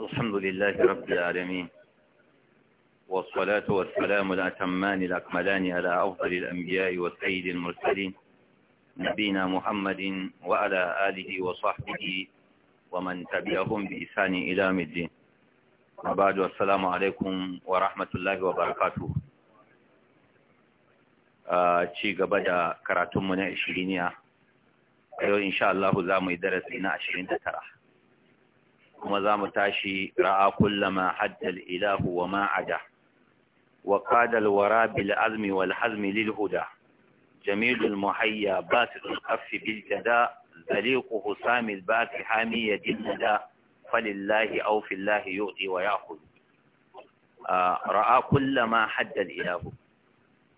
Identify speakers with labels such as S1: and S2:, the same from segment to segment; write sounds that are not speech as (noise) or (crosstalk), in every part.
S1: الحمد لله رب العالمين والصلاة والسلام الأتمان الأكملان على أفضل الأنبياء والسيد المرسلين نبينا محمد وعلى آله وصحبه ومن تبعهم بإحسان إلى يوم الدين وبعد والسلام عليكم ورحمة الله وبركاته ci gaba da karatunmu na 20 yau insha Allah za mu yi darasi na 29 kuma za mu tashi ra'a kullama haddal ilahu wa ma'ada wa qadal wara bil azmi wal hazmi lil huda jamilul muhayya batil affi bil jada zaliquhu samil baqi hamiya jinnada falillahi aw fillahi yu'ti wa ya'khud ra'a kullama haddal ilahu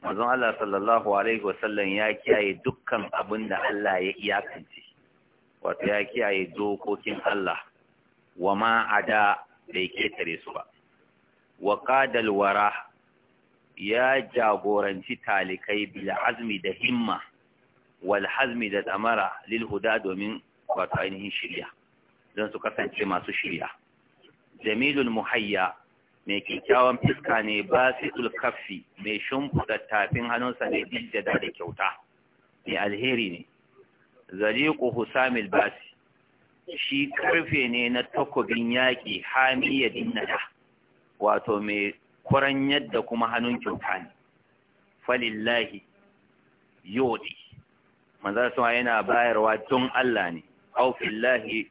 S1: manzon Allah sallallahu alaihi wasallam ya kiyaye dukkan abin da Allah ya iyakance wato ya kiyaye dokokin Allah wa ma ada bai ketare su ba wa wara ya jagoranci talikai bil azmi da himma wal hazmi da damara lil domin wato ainihin shirya don su kasance masu shirya jamilul muhayya mai kyakkyawan fiska ne ba su kaffi mai shimfiɗa tafin hannunsa ne dijjada da kyauta mai alheri ne zariƙu husamil basi shi karfe ne na takobin yaƙi hamiyadin da, wato mai kwaran yadda kuma hannun kyauta ne falillahi yodi manzar suna yana bayarwa don Allah ne au fillahi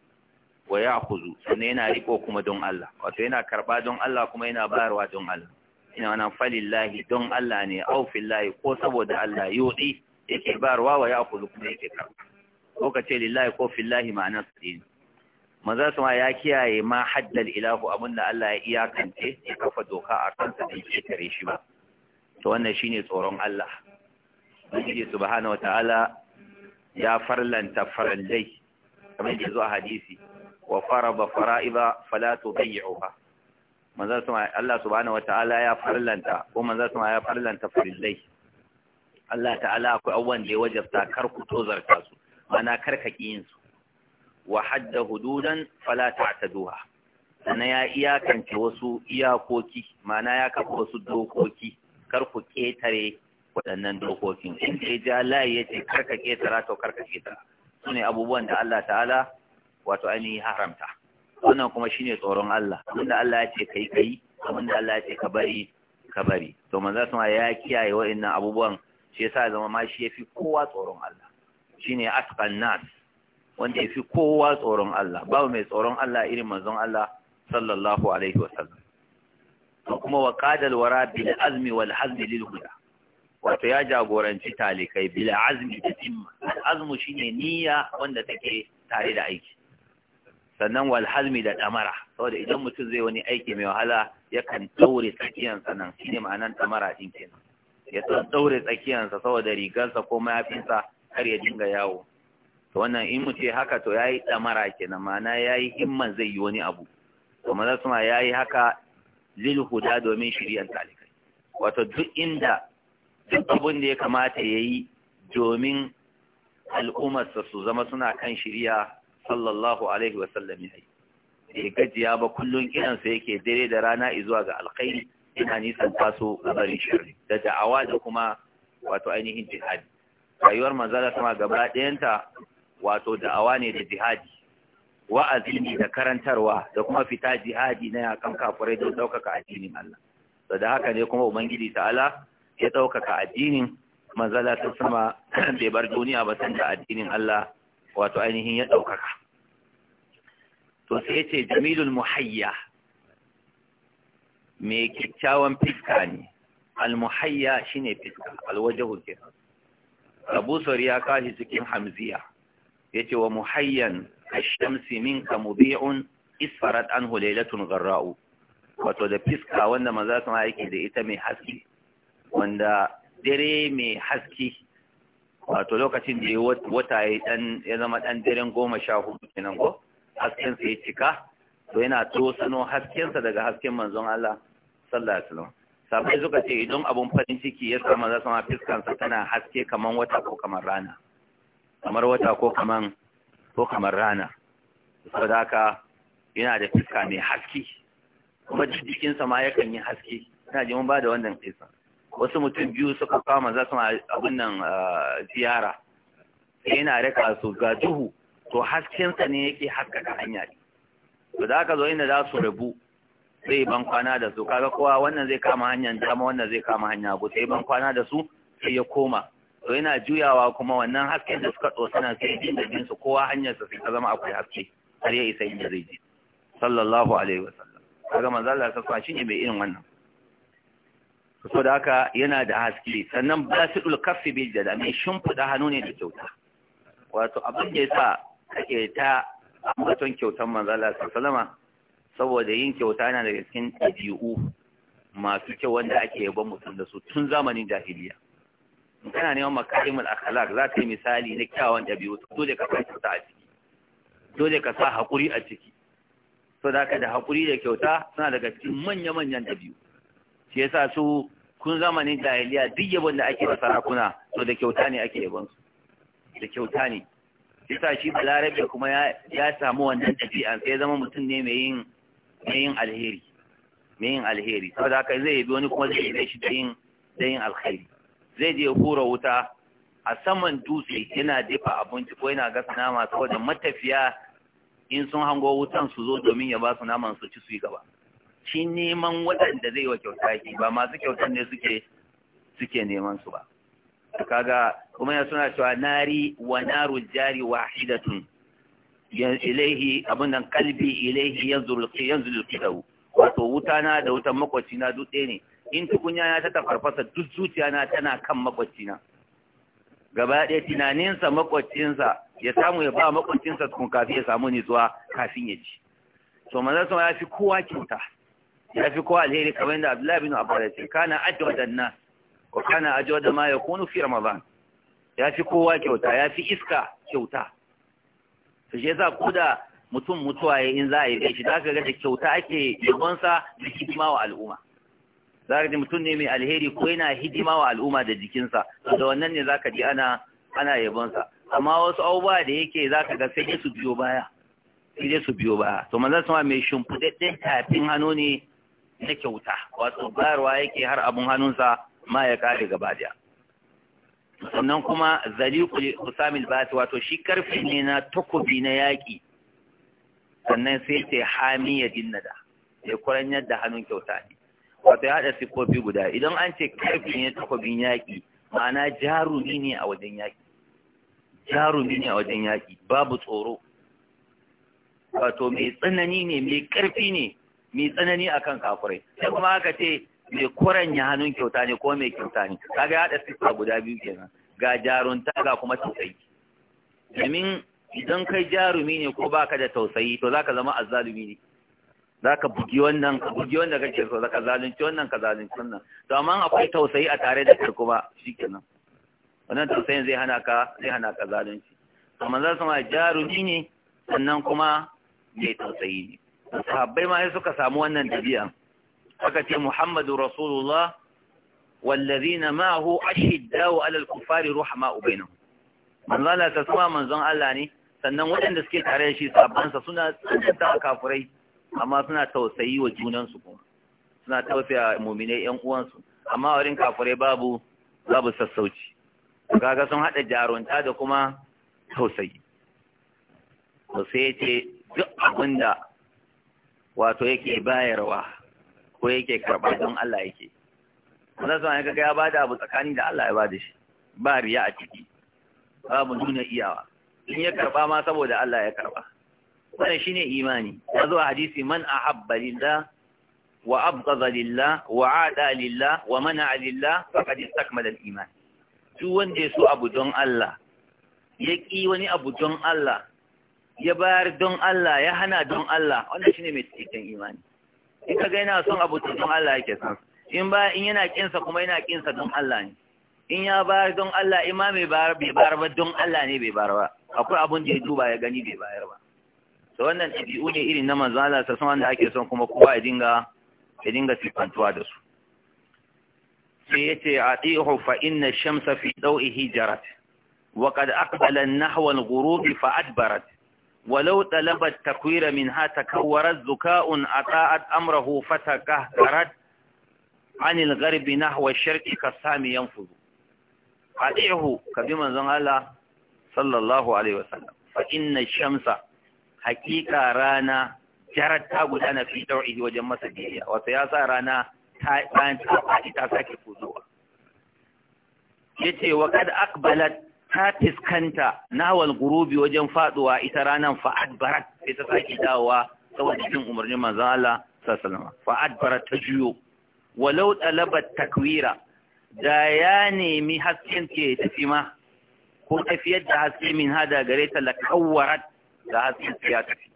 S1: wa kuzu sannan yana riko kuma don Allah wato yana karba don Allah kuma yana bayarwa don Allah ina wannan falillahi don Allah ne au fillahi ko saboda Allah yodi yake bayarwa wa kuzu kuma yake karba ko ka ce lillahi ko fillahi ma'anar su dini maza su ma ya kiyaye ma haddal ilahu abinda Allah ya iyakance ya kafa doka a kansa da ya kare shi ba to wannan shine tsoron Allah Ubangiji subhanahu wataala ya farlanta farallai kamar yadda a hadisi wa faraba fara'iba fala tudayyuha manzo sama Allah subhanahu wataala ya farlanta ko manzo sama ya farlanta farallai. Allah ta'ala akwai abubuwan da ya wajabta kar ku tozarta su ana karkaki yin su wa hadda hududan fala ta'taduha sannan ya iyakance wasu iyakoki mana ya kafa wasu dokoki kar ku ketare waɗannan dokokin in ka ja layi ya kar ka ketara to kar ka Su ne abubuwan da Allah ta'ala wato ainihi haramta wannan kuma shine tsoron Allah abinda Allah ya ce kai kai abinda Allah ya ce ka bari ka bari to manzo sun ya kiyaye waɗannan abubuwan shi yasa zama ma shi yafi kowa tsoron Allah shine askan nas wanda yafi kowa tsoron Allah babu mai tsoron Allah irin manzon Allah sallallahu alaihi wasallam to kuma wa qadal wara bil azmi wal hazmi lil huda wato ya jagoranci talikai bil azmi da azmu shine niyya wanda take tare da aiki sannan wal hazmi da ɗamara. saboda idan mutum zai wani aiki mai wahala yakan daure tsakiyansa nan shine ma'anar damara din kenan ya daure tsakiyansa saboda rigarsa ko mayafinsa Kar ya dinga yawo to wannan in mu ce haka to yayi damara kenan ma'ana yayi himman zai yi wani abu to maza suna yayi haka lil huda domin shari'ar talikai wato duk inda duk abun da ya kamata yayi domin al'ummarsa su zama suna kan shari'a sallallahu alaihi wa sallam yayi bai gajiya ba kullun sa yake dare da rana zuwa ga alkhairi ina nisan taso gabarin shirri da da'awa da kuma wato ainihin jihadi rayuwar manzala kuma gaba ɗayanta wato da'awa ne da jihadi wa'azi ne da karantarwa da kuma fita jihadi na yakan kafirai don ɗaukaka addinin Allah to da haka ne kuma ubangiji ta'ala ya ɗaukaka addinin manzala ta sama (clears throat) bai bar duniya ba san da addinin Allah wato ainihin ya ɗaukaka to sai ce jamilul muhayya mai kyakkyawan fiska ne al-muhayya shine fiska al-wajhu kenan abu ya kashi cikin hamziya ya ce wa muhayyan a shamsi minka mubi'un isfarat an hulailatun garra'u wato da fiska wanda maza sun aiki da ita mai haske wanda dare mai haske wato lokacin da ya wata ya zama dan daren goma sha hudu kenan ko haskensa ya cika to yana tosano haskensa daga hasken manzon Allah sallallahu alaihi wasallam sabai suka ce idan abun farin ciki ya sama za sama fiskansa tana haske kamar wata ko kamar rana kamar wata ko kamar ko kamar rana saboda haka yana da fiska mai haske kuma jikinsa ma yakan yi haske ina ji mun ba da wannan kisa wasu mutum biyu suka kama za sama abin nan ah, ziyara yana raka su ga duhu to haskensa ne yake haskaka hanya ne to za ka zo inda za su rabu sai ban kwana da su kaga kowa wannan zai kama hanyar dama wannan zai kama hanya ku sai ban kwana da su sai ya koma to yana juyawa kuma wannan hasken da suka suna sai jin da jinsu kowa hanyar su ta zama akwai haske har ya isa inda zai ji sallallahu alaihi wasallam kaga manzo Allah sa ne mai irin wannan so da haka yana da haske sannan basidul kaffi bil jada mai shimfida hannu ne da kyauta wato abin da yasa kake ta ambaton kyautan manzo Allah sallama saboda yin kyauta yana daga cikin ɗabi'u masu kyau wanda ake yabon mutum da su tun zamanin jahiliya in kana neman makarimul akhlaq za ta yi misali na kyawun ɗabi'u dole ka sa kyauta a ciki dole ka sa haƙuri a ciki so da ka da haƙuri da kyauta suna daga cikin manya-manyan ɗabi'u shi yasa su kun zamanin jahiliya duk yabon da ake da sarakuna to da kyauta ne ake yaban su da kyauta ne yasa shi balarabe kuma ya samu wannan ɗabi'an sai zama mutum ne mai yin mai yin alheri mai yin alheri saboda haka zai yabi wani kuma zai yabe shi da yin da yin alheri zai je hura wuta a saman dutse yana dafa abinci ko yana gasa nama saboda matafiya in sun hango wutan su zo domin ya ba su naman su ci su yi gaba shi neman waɗanda zai wa kyauta yake ba masu kyautan ne suke suke neman su ba kaga kuma ya suna cewa nari wa naru jari wahidatun ilaihi abin nan kalbi ilaihi yanzu yanzu wato wuta na da wutan makwaci na dutse ne in tukunya na ta tafarfasa duk zuciya na tana kan makwaci na gaba ɗaya tunaninsa makwacinsa ya samu ya ba makwacinsa tukun kafin ya samu nutsuwa kafin ya ji, to manzon sama ya fi kowa kyauta ya fi kowa alheri kamar yadda Abdullahi bin Abbas ya ce kana ajwadan nas wa kana ajwada ma yakunu fi ramadan ya fi kowa kyauta ya fi iska kyauta to shi yasa kuda da mutum mutuwa ya in za a yi shi zaka ga da kyauta ake yabonsa da hidima wa al'umma zaka ji mutum ne mai alheri ko yana hidima wa al'umma da jikinsa da wannan ne zaka ji ana ana yabonsa amma wasu abubuwa da yake zaka ga sai su biyo baya sai su biyo baya to mazan sama mai shimfiɗaɗɗen tafin hannu ne na kyauta wato bayarwa yake har abun hannunsa ma ya kare gaba daya sannan kuma zaliqul usamil su wato shi karfi ne na takobi na yaƙi. sannan sai ce dinna da. sai kuranyar da hannun kyauta ne wato ya haɗa siffofi guda idan an ce karfi ne takobin yaƙi ma'ana jarumi ne a wajen yaƙi jarumi ne a wajen yaƙi babu tsoro wato mai tsanani ne mai ƙarfi ne mai tsanani akan kakurai, sai kuma aka ce mai kuranya hannun kyauta ne ko mai kyauta ne kaga ya da sifa guda biyu kenan ga jarunta ga kuma tausayi domin idan kai jarumi ne ko baka da tausayi to zaka zama azzalumi ne zaka bugi wannan ka bugi wanda kake so zaka zalunci wannan ka zalunci wannan to amma akwai tausayi a tare da kai kuma shikenan wannan tausayin zai hana ka zai hana ka zalunci to manzo sama jarumi ne sannan kuma mai tausayi ne sahabbai ma sai suka samu wannan dabi'a aka ce muhammadu rasulullah wallazina ma'ahu ashiddaw ala al-kuffari ruhama'u bainahum manzo Allah ta sama manzon Allah ne sannan waɗanda suke tare da shi sabansa suna a kafurai amma suna tausayi wa junansu kuma suna tausaya muminai yan uwansu amma wurin kafurai babu babu sassauci kaga sun haɗa jarunta da kuma tausayi to sai ce duk abinda wato yake bayarwa ko yake karɓa don Allah yake wannan sun ga ya bada abu tsakani da Allah ya bada shi ba riya a ciki babu nuna iyawa in ya karɓa ma saboda Allah ya karɓa wannan shine imani ya a hadisi man ahabba lillah wa abghadha wa aada lillah wa mana'a lillah faqad istakmala al-iman duk wanda ya so abu don Allah ya ƙi wani abu don Allah ya bayar don Allah ya hana don Allah wannan shine mai cikin imani in ka ga yana son abu don Allah yake son in ba in yana kinsa kuma yana kinsa don Allah ne in ya bayar don Allah imami ba mai bayar bai ba don Allah ne bai bar ba akwai abun da ya duba ya gani bai bayar ba to wannan ɗabi'u ne irin na manzo Allah sa wanda ake son kuma kowa ya dinga ya dinga sifantuwa da su sai yace atihu fa inna shamsa fi dawihi jarat wa qad aqbala an-nahwa al ghurubi fa adbarat ولو طلبت تكوير منها تكور الزكاء أطاعت أمره فتكهرت عن الغرب نحو الشرق كالسام ينفذ من كبما الله صلى الله عليه وسلم فإن الشمس حقيقة رانا jarar ta gudana fi daurihi wajen masa biyayya wata ya sa rana ta bayan ta faɗi ta ta fiskanta nawal gurubi wajen faduwa ita ranar fa'ad barat sai ta sake dawowa saboda cikin umarnin manzon Allah fa'ad barat ta juyo walau talabat takwira da ya nemi hasken ke tafi ma ko tafiyar da haske min hada gare ta lakawarat da hasken ya tafi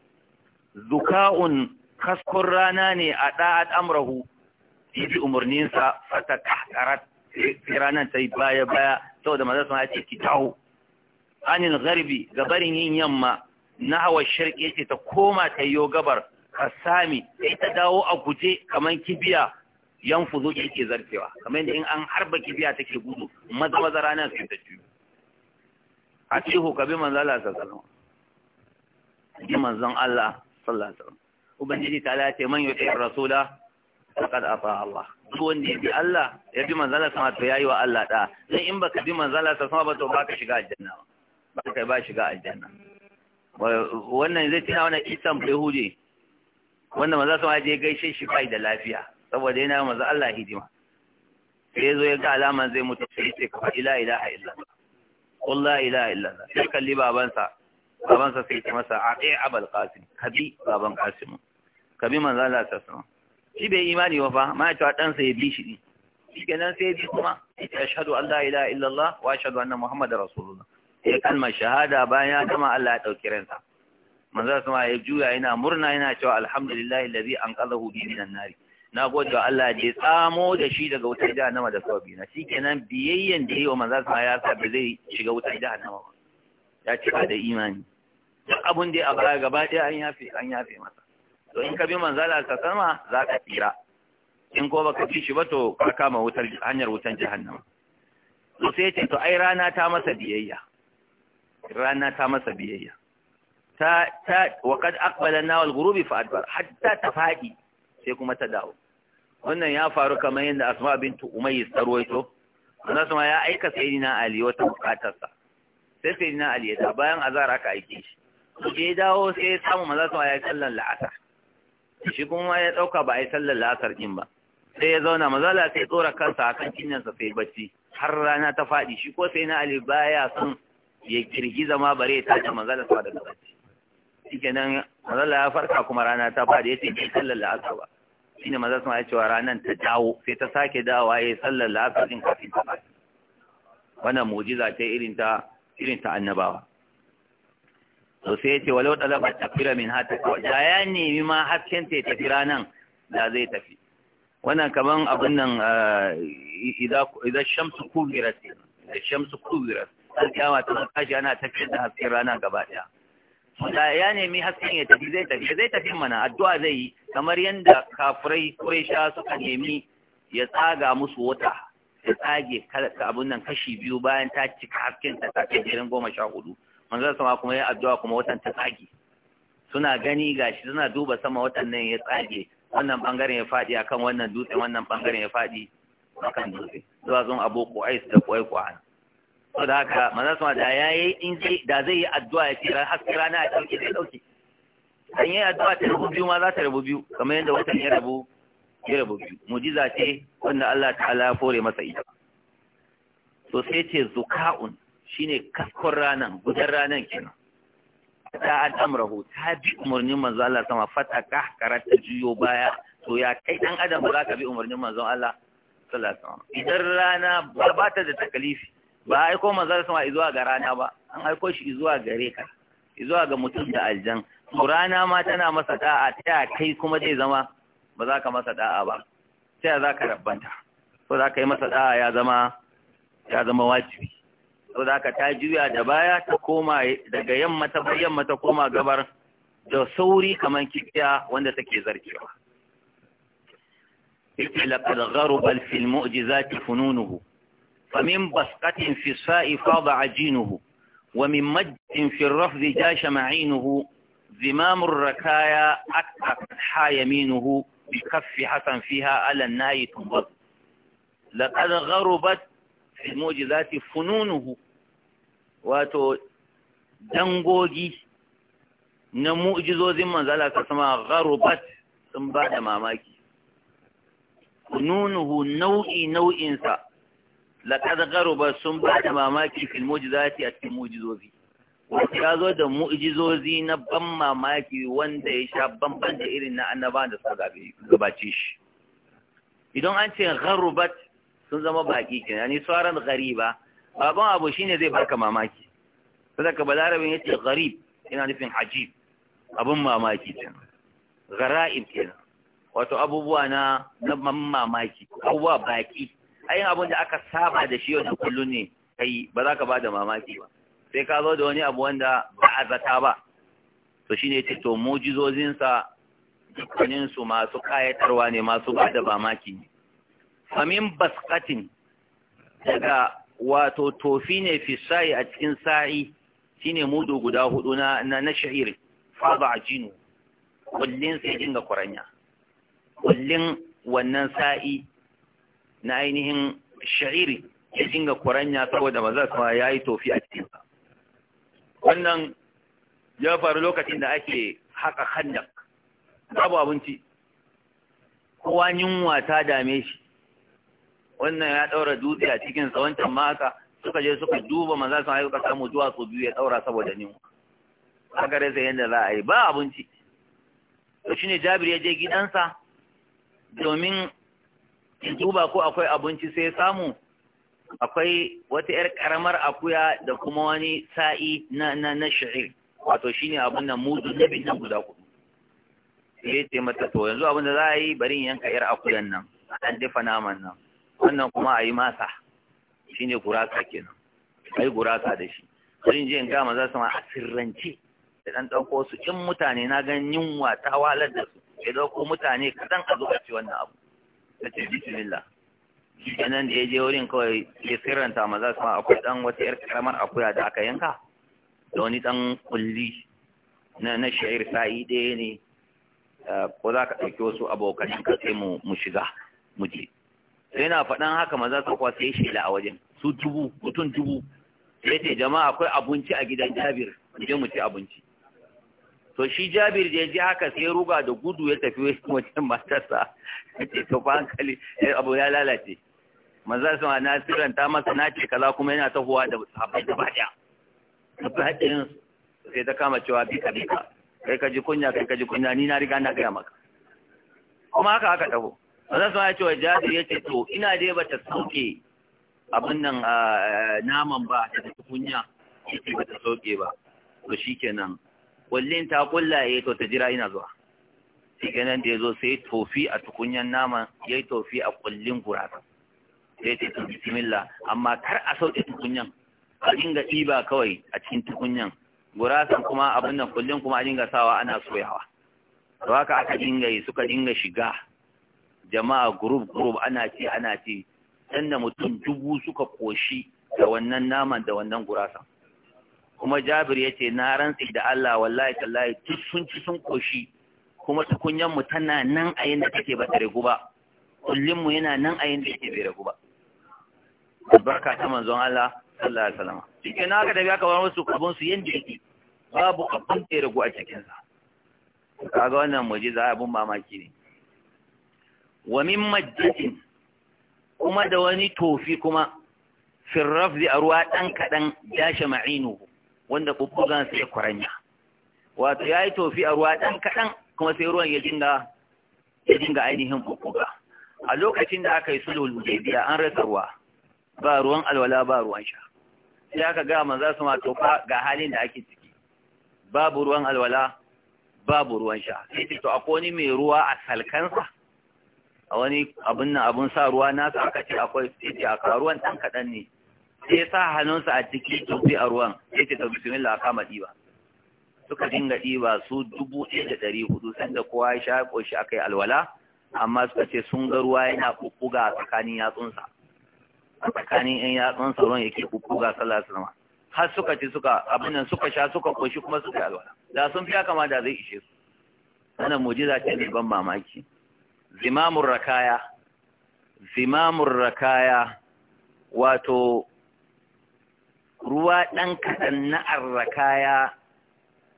S1: zuka'un kaskon rana ne a da'at amrahu yi umarninsa fata kahkarat ranar ta yi baya-baya saboda manzon sama ya ce ki dawo anil gharbi gabarin yin yamma na hawa shirke ce ta koma ta yo gabar kasami sai ta dawo a guje kamar kibiya yan fuzo yake zarfewa kamar yadda in an harba kibiya take gudu maza maza ranar su ta ciwo a cihu kabi manzan Allah sallallahu alaihi wasallam Allah sallallahu ubangiji ta lace man yuti rasula faqad ata Allah duk wanda ya bi Allah ya bi manzala sama to yi wa Allah da dan in baka bi manzala sama ba to baka shiga aljanna ba baka ba shiga aljanna wannan zai tana wannan isan yahudi wanda manzo sama je gaishe shi bai da lafiya saboda yana manzo Allah hidima sai zo ya ga alaman zai mutu sai ce ka ila ilaha illa Allah ila illa sai kalli babansa babansa sai ce masa aqi abul qasim kabi baban qasim kabi manzo Allah sallallahu alaihi wasallam shi bai imani ba fa ma ya cewa ɗansa ya bi shi ɗin shi kenan sai bi kuma ya ashhadu an la ilaha illallah wa ashhadu anna muhammadar rasulullah ya kalmar shahada bayan ya kama Allah ya ɗauki ransa manzo kuma ya juya yana murna yana cewa alhamdulillah allazi anqadhahu bi minan nari na gode wa Allah da ya tsamo da shi daga wutar jahannama da sababi na shikenan biyayyen da yayi wa manzo kuma ya sa ba zai shiga wutar jahannama ba ya cika da imani duk abun da ya abara gaba ɗaya an yafe an yafe masa to in ka bi manzala ka sama za ka tsira in ko baka bi shi ba to ka kama wutar hanyar wutan jahannama to sai ce to ai rana ta masa biyayya rana ta masa biyayya ta ta wa kad aqbala wal ghurubi fa adbar hatta ta fadi sai kuma ta dawo wannan ya faru kamar yadda asma bintu umayyis ta ruwaito wannan kuma ya aika sayyidina ali wata bukatarsa sai sayyidina ali ya ta bayan azara ka aike shi je dawo sai samu maza ya sallan la'asa. shi kuma ya ɗauka ba a yi sallar la'asar ɗin ba sai ya zauna mazala sai tsora kansa a kan cinyarsa sai bacci har rana ta faɗi shi ko sai na ali baya son ya kirgi ma bare ta da mazala sa daga bacci shike nan mazala ya farka kuma rana ta faɗi ya ce sallar la'asar ba shi ne mazala sun ya cewa ranar ta dawo sai ta sake dawo ya yi sallar la'asar ɗin kafin ta faɗi wannan mu'jiza ce irin ta irin ta annabawa to sai ya ce walau talaba tafira min hata da ya nemi ma hasken ta tafi ranan da zai tafi wannan kaman abin nan ah, idan shamsu kubirat da shamsu kubirat
S2: an kyawa ta
S1: kashi, ana tafiyar da hasken rana gaba daya da ya nemi hasken ya tafi zai tafi zai tafi mana addu'a zai yi kamar yadda kafirai sha suka nemi ya tsaga musu wata ya tsage abin nan kashi biyu bayan ta cika hasken ta tafi jirin goma sha hudu manzon sama kuma ya addu'a kuma watan ta tsage suna gani gashi suna duba sama watan nan ya tsage wannan bangaren ya fadi akan wannan dutse wannan bangaren ya fadi akan dutse zuwa zuwa abu qais da qai qan
S2: to da haka manzon sama da
S1: yayi in sai da zai yi addu'a ya ce haske rana a dauke da dauke an yi addu'a ta rubu biyu ma za ta rubu biyu kamar yadda watan ya rabu ya rabu biyu mujiza ce wanda Allah ta'ala ya fore masa ita so sai ce zuka'un shine kaskon ranan gudan ranan kenan ta al'amrahu ta bi umarnin manzo Allah sama fata ka karata juyo baya to ya kai dan adam ba za ka bi umarnin manzo Allah sallallahu alaihi wasallam idan rana ba ta da takalifi ba aiko manzo sama zuwa ga rana ba an aiko shi zuwa gare ka zuwa ga mutum da aljan to rana ma tana masa da'a ta kai kuma zai zama ba za ka masa da'a ba sai za ka rabbanta ko za ka yi masa da'a ya zama ya zama wajibi da aka ta juya da baya ta koma daga yamma ta bar yamma ta koma gabar da sauri kamar kikiya wanda take zarkewa yake laqad gharuba fil mu'jizati fununuhu famin basqatin fi sa'i fada ajinuhu wa min majdin fi rafd jasha ma'inuhu zimam ar-rakaya akak hayaminuhu bi kaffi hasan fiha ala an-nayi tunbat laqad gharubat في المعجزات فنونه wato dangogi na mu'jizozin manzala ka sama gharubat sun ba da mamaki nunuhu nau'i nau'insa laqad gharubat sun ba da mamaki fil mu'jizati a cikin mu'jizozi wata ya zo da mu'jizozi na ban mamaki wanda ya sha banban da irin na annaba da suka gabace shi idan an ce gharubat sun zama baki kenan yani saran ghariba abin abu shine zai barka mamaki sadaka balarabin yace gharib yana nufin ajib abun mamaki din ghara'ib kenan wato abubuwa na na mamaki abubuwa baki ayin abin da aka saba da shi yau kullun ne kai ba za ka bada mamaki ba sai ka zo da wani abu wanda ba a zata ba to shine yace to dukkanin su masu kayatarwa ne masu bada da mamaki ne famin baskatin daga wato tofi ne fi sa'i a cikin sa'i shine mudu guda hudu na na sha'iri a ajinu kullin sai dinga kuranya kullin wannan sa'i na ainihin sha'iri ya dinga kuranya saboda maza kuma yayi tofi a cikin sa wannan ya faru lokacin da ake haka khandak babu abinci kowa yunwa ta dame shi wannan ya daura dutse a cikin wancan ma suka je suka duba maza sun ayyuka samu duwatsu biyu ya daura saboda ni gare rasa yadda za a yi ba abinci to ne Jabir ya je gidansa domin duba ko akwai abinci sai samu akwai wata ‘yar ƙaramar akuya da kuma wani sa'i na na na shi'ir wato shi ne abin nan mudu na bin nan guda kudu sai ce mata to yanzu abin da za a yi in yanka ‘yar akuyan nan an dafa naman nan wannan kuma a yi masa shi ne gurasa kenan a yi gurasa da shi Wani jiyan gama za su ma a sirrance da ɗan ɗauko su in mutane na gan yunwa ta walar da su ya ɗauko mutane kaɗan a zuwa wannan abu Na ce bismillah kenan da ya je wurin kawai ya sirranta ma za su ma akwai ɗan wata yar karamar akuya da aka yanka da wani ɗan kulli na na sa'i ɗaya ne eh, ko za ka ɗauki wasu abokan ka sai mu shiga mu je yana faɗan haka maza su kwa sai shela a wajen su dubu mutum dubu sai ce jama'a akwai abinci a gidan jabir je mu ci abinci to shi jabir da ya ji haka sai ruga da gudu ya tafi (laughs) wajen matarsa ce to fa hankali eh, abu ya lalace maza su na sirran ta masa na ce kaza kuma yana tahowa da sahabbai da baya tafi sai ta kama cewa bika-bika kai ka ji kunya kai ka ji kunya ni na riga na gaya maka kuma haka haka taho wannan kuma ya ce wa jabir ya ce to ina dai bata sauke abin nan naman ba da tukunya ba bata sauke ba to shi kenan kullin ta kulla ya yi to ta jira ina zuwa nan da ya zo sai tofi a tukunyan naman yi tofi a kullin gurata sai ce to bismillah amma kar a sauke tukunyan a dinga ɗiba kawai a cikin tukunyan gurasan kuma abin nan kullin kuma a dinga sawa ana soyawa to haka aka dinga yi suka dinga shiga jama'a group group ana ci ana ci sannan mutum dubu suka koshi da wannan naman da wannan gurasa kuma Jabir yace na rantsi da Allah wallahi tallahi duk sun ci sun koshi kuma tukunyan mu tana nan a yanda take ba tare guba ba kullum mu yana nan a yanda yake bere guba ba albarka ta manzon Allah sallallahu alaihi wasallam shike na aka tafi aka bar musu kabun su yanda yake babu abun tare ya a cikin sa kaga wannan mu'jiza abun mamaki ne wa min majjatin kuma da wani tofi kuma firraf a ruwa ɗan kaɗan ya ma'inu wanda kukugan sai kwaranya wato ya yi tofi a ruwa ɗan kaɗan kuma sai ruwan ya dinga ya dinga ainihin kukuga a lokacin da aka yi sulhul hudaybiya an rasa ruwa ba ruwan alwala ba ruwan sha sai aka ga manzo su ma tofa ga halin da ake ciki babu ruwan alwala babu ruwan sha sai to akwai wani mai ruwa a salkansa a wani abin nan abin sa ruwa na sa aka ce akwai sai a ka ruwan ɗan kaɗan ne sai sa hannunsa a ciki tofi a ruwan sai ce ta bismillah a kama ɗiba suka dinga ɗiba su dubu ɗaya da ɗari hudu sanda kowa ya sha ƙoshi aka yi alwala amma suka ce sun ga ruwa yana ɓuɓɓuga a tsakanin yatsunsa a tsakanin ƴan yatsunsa ruwan yake ɓuɓɓuga sallah sallama har suka ci suka abin nan suka sha suka ƙoshi kuma suka yi alwala da sun fi kama da zai ishe su wannan mujiza ce mai ban mamaki zimamun rakaya zimamun rakaya wato ruwa ɗan kaɗan na arrakaya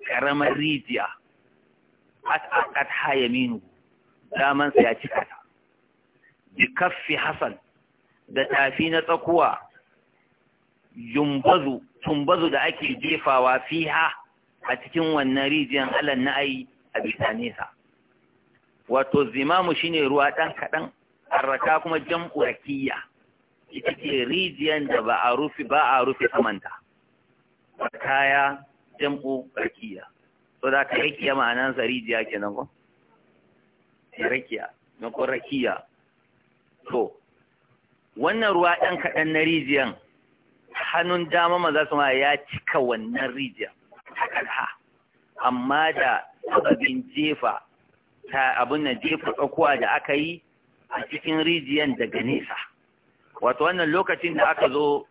S1: ƙaramar rijiya at haya minu damansa ya ci kasa. bikaffi Hassan da tafi na tsakuwa yumbazu tumbazu da ake jefawa fiha a cikin wannan rijiyar alan na'ayi a bisa nesa wato zimamu shine ruwa ɗan kaɗan arraka kuma jam'u rakiya ita ce rijiyan da ba a rufe ba a rufe samanta kaya jam'u rakiya so da ka rakiya ma'anan sa rijiya kenan ko rakiya na ko rakiya to wannan ruwa ɗan kaɗan na rijiyan hannun dama maza su ma ya cika wannan rijiyan amma da sababin jefa ta abin nan jefa tsakuwa da aka yi a cikin rijiyan daga nesa wato wannan lokacin da aka zo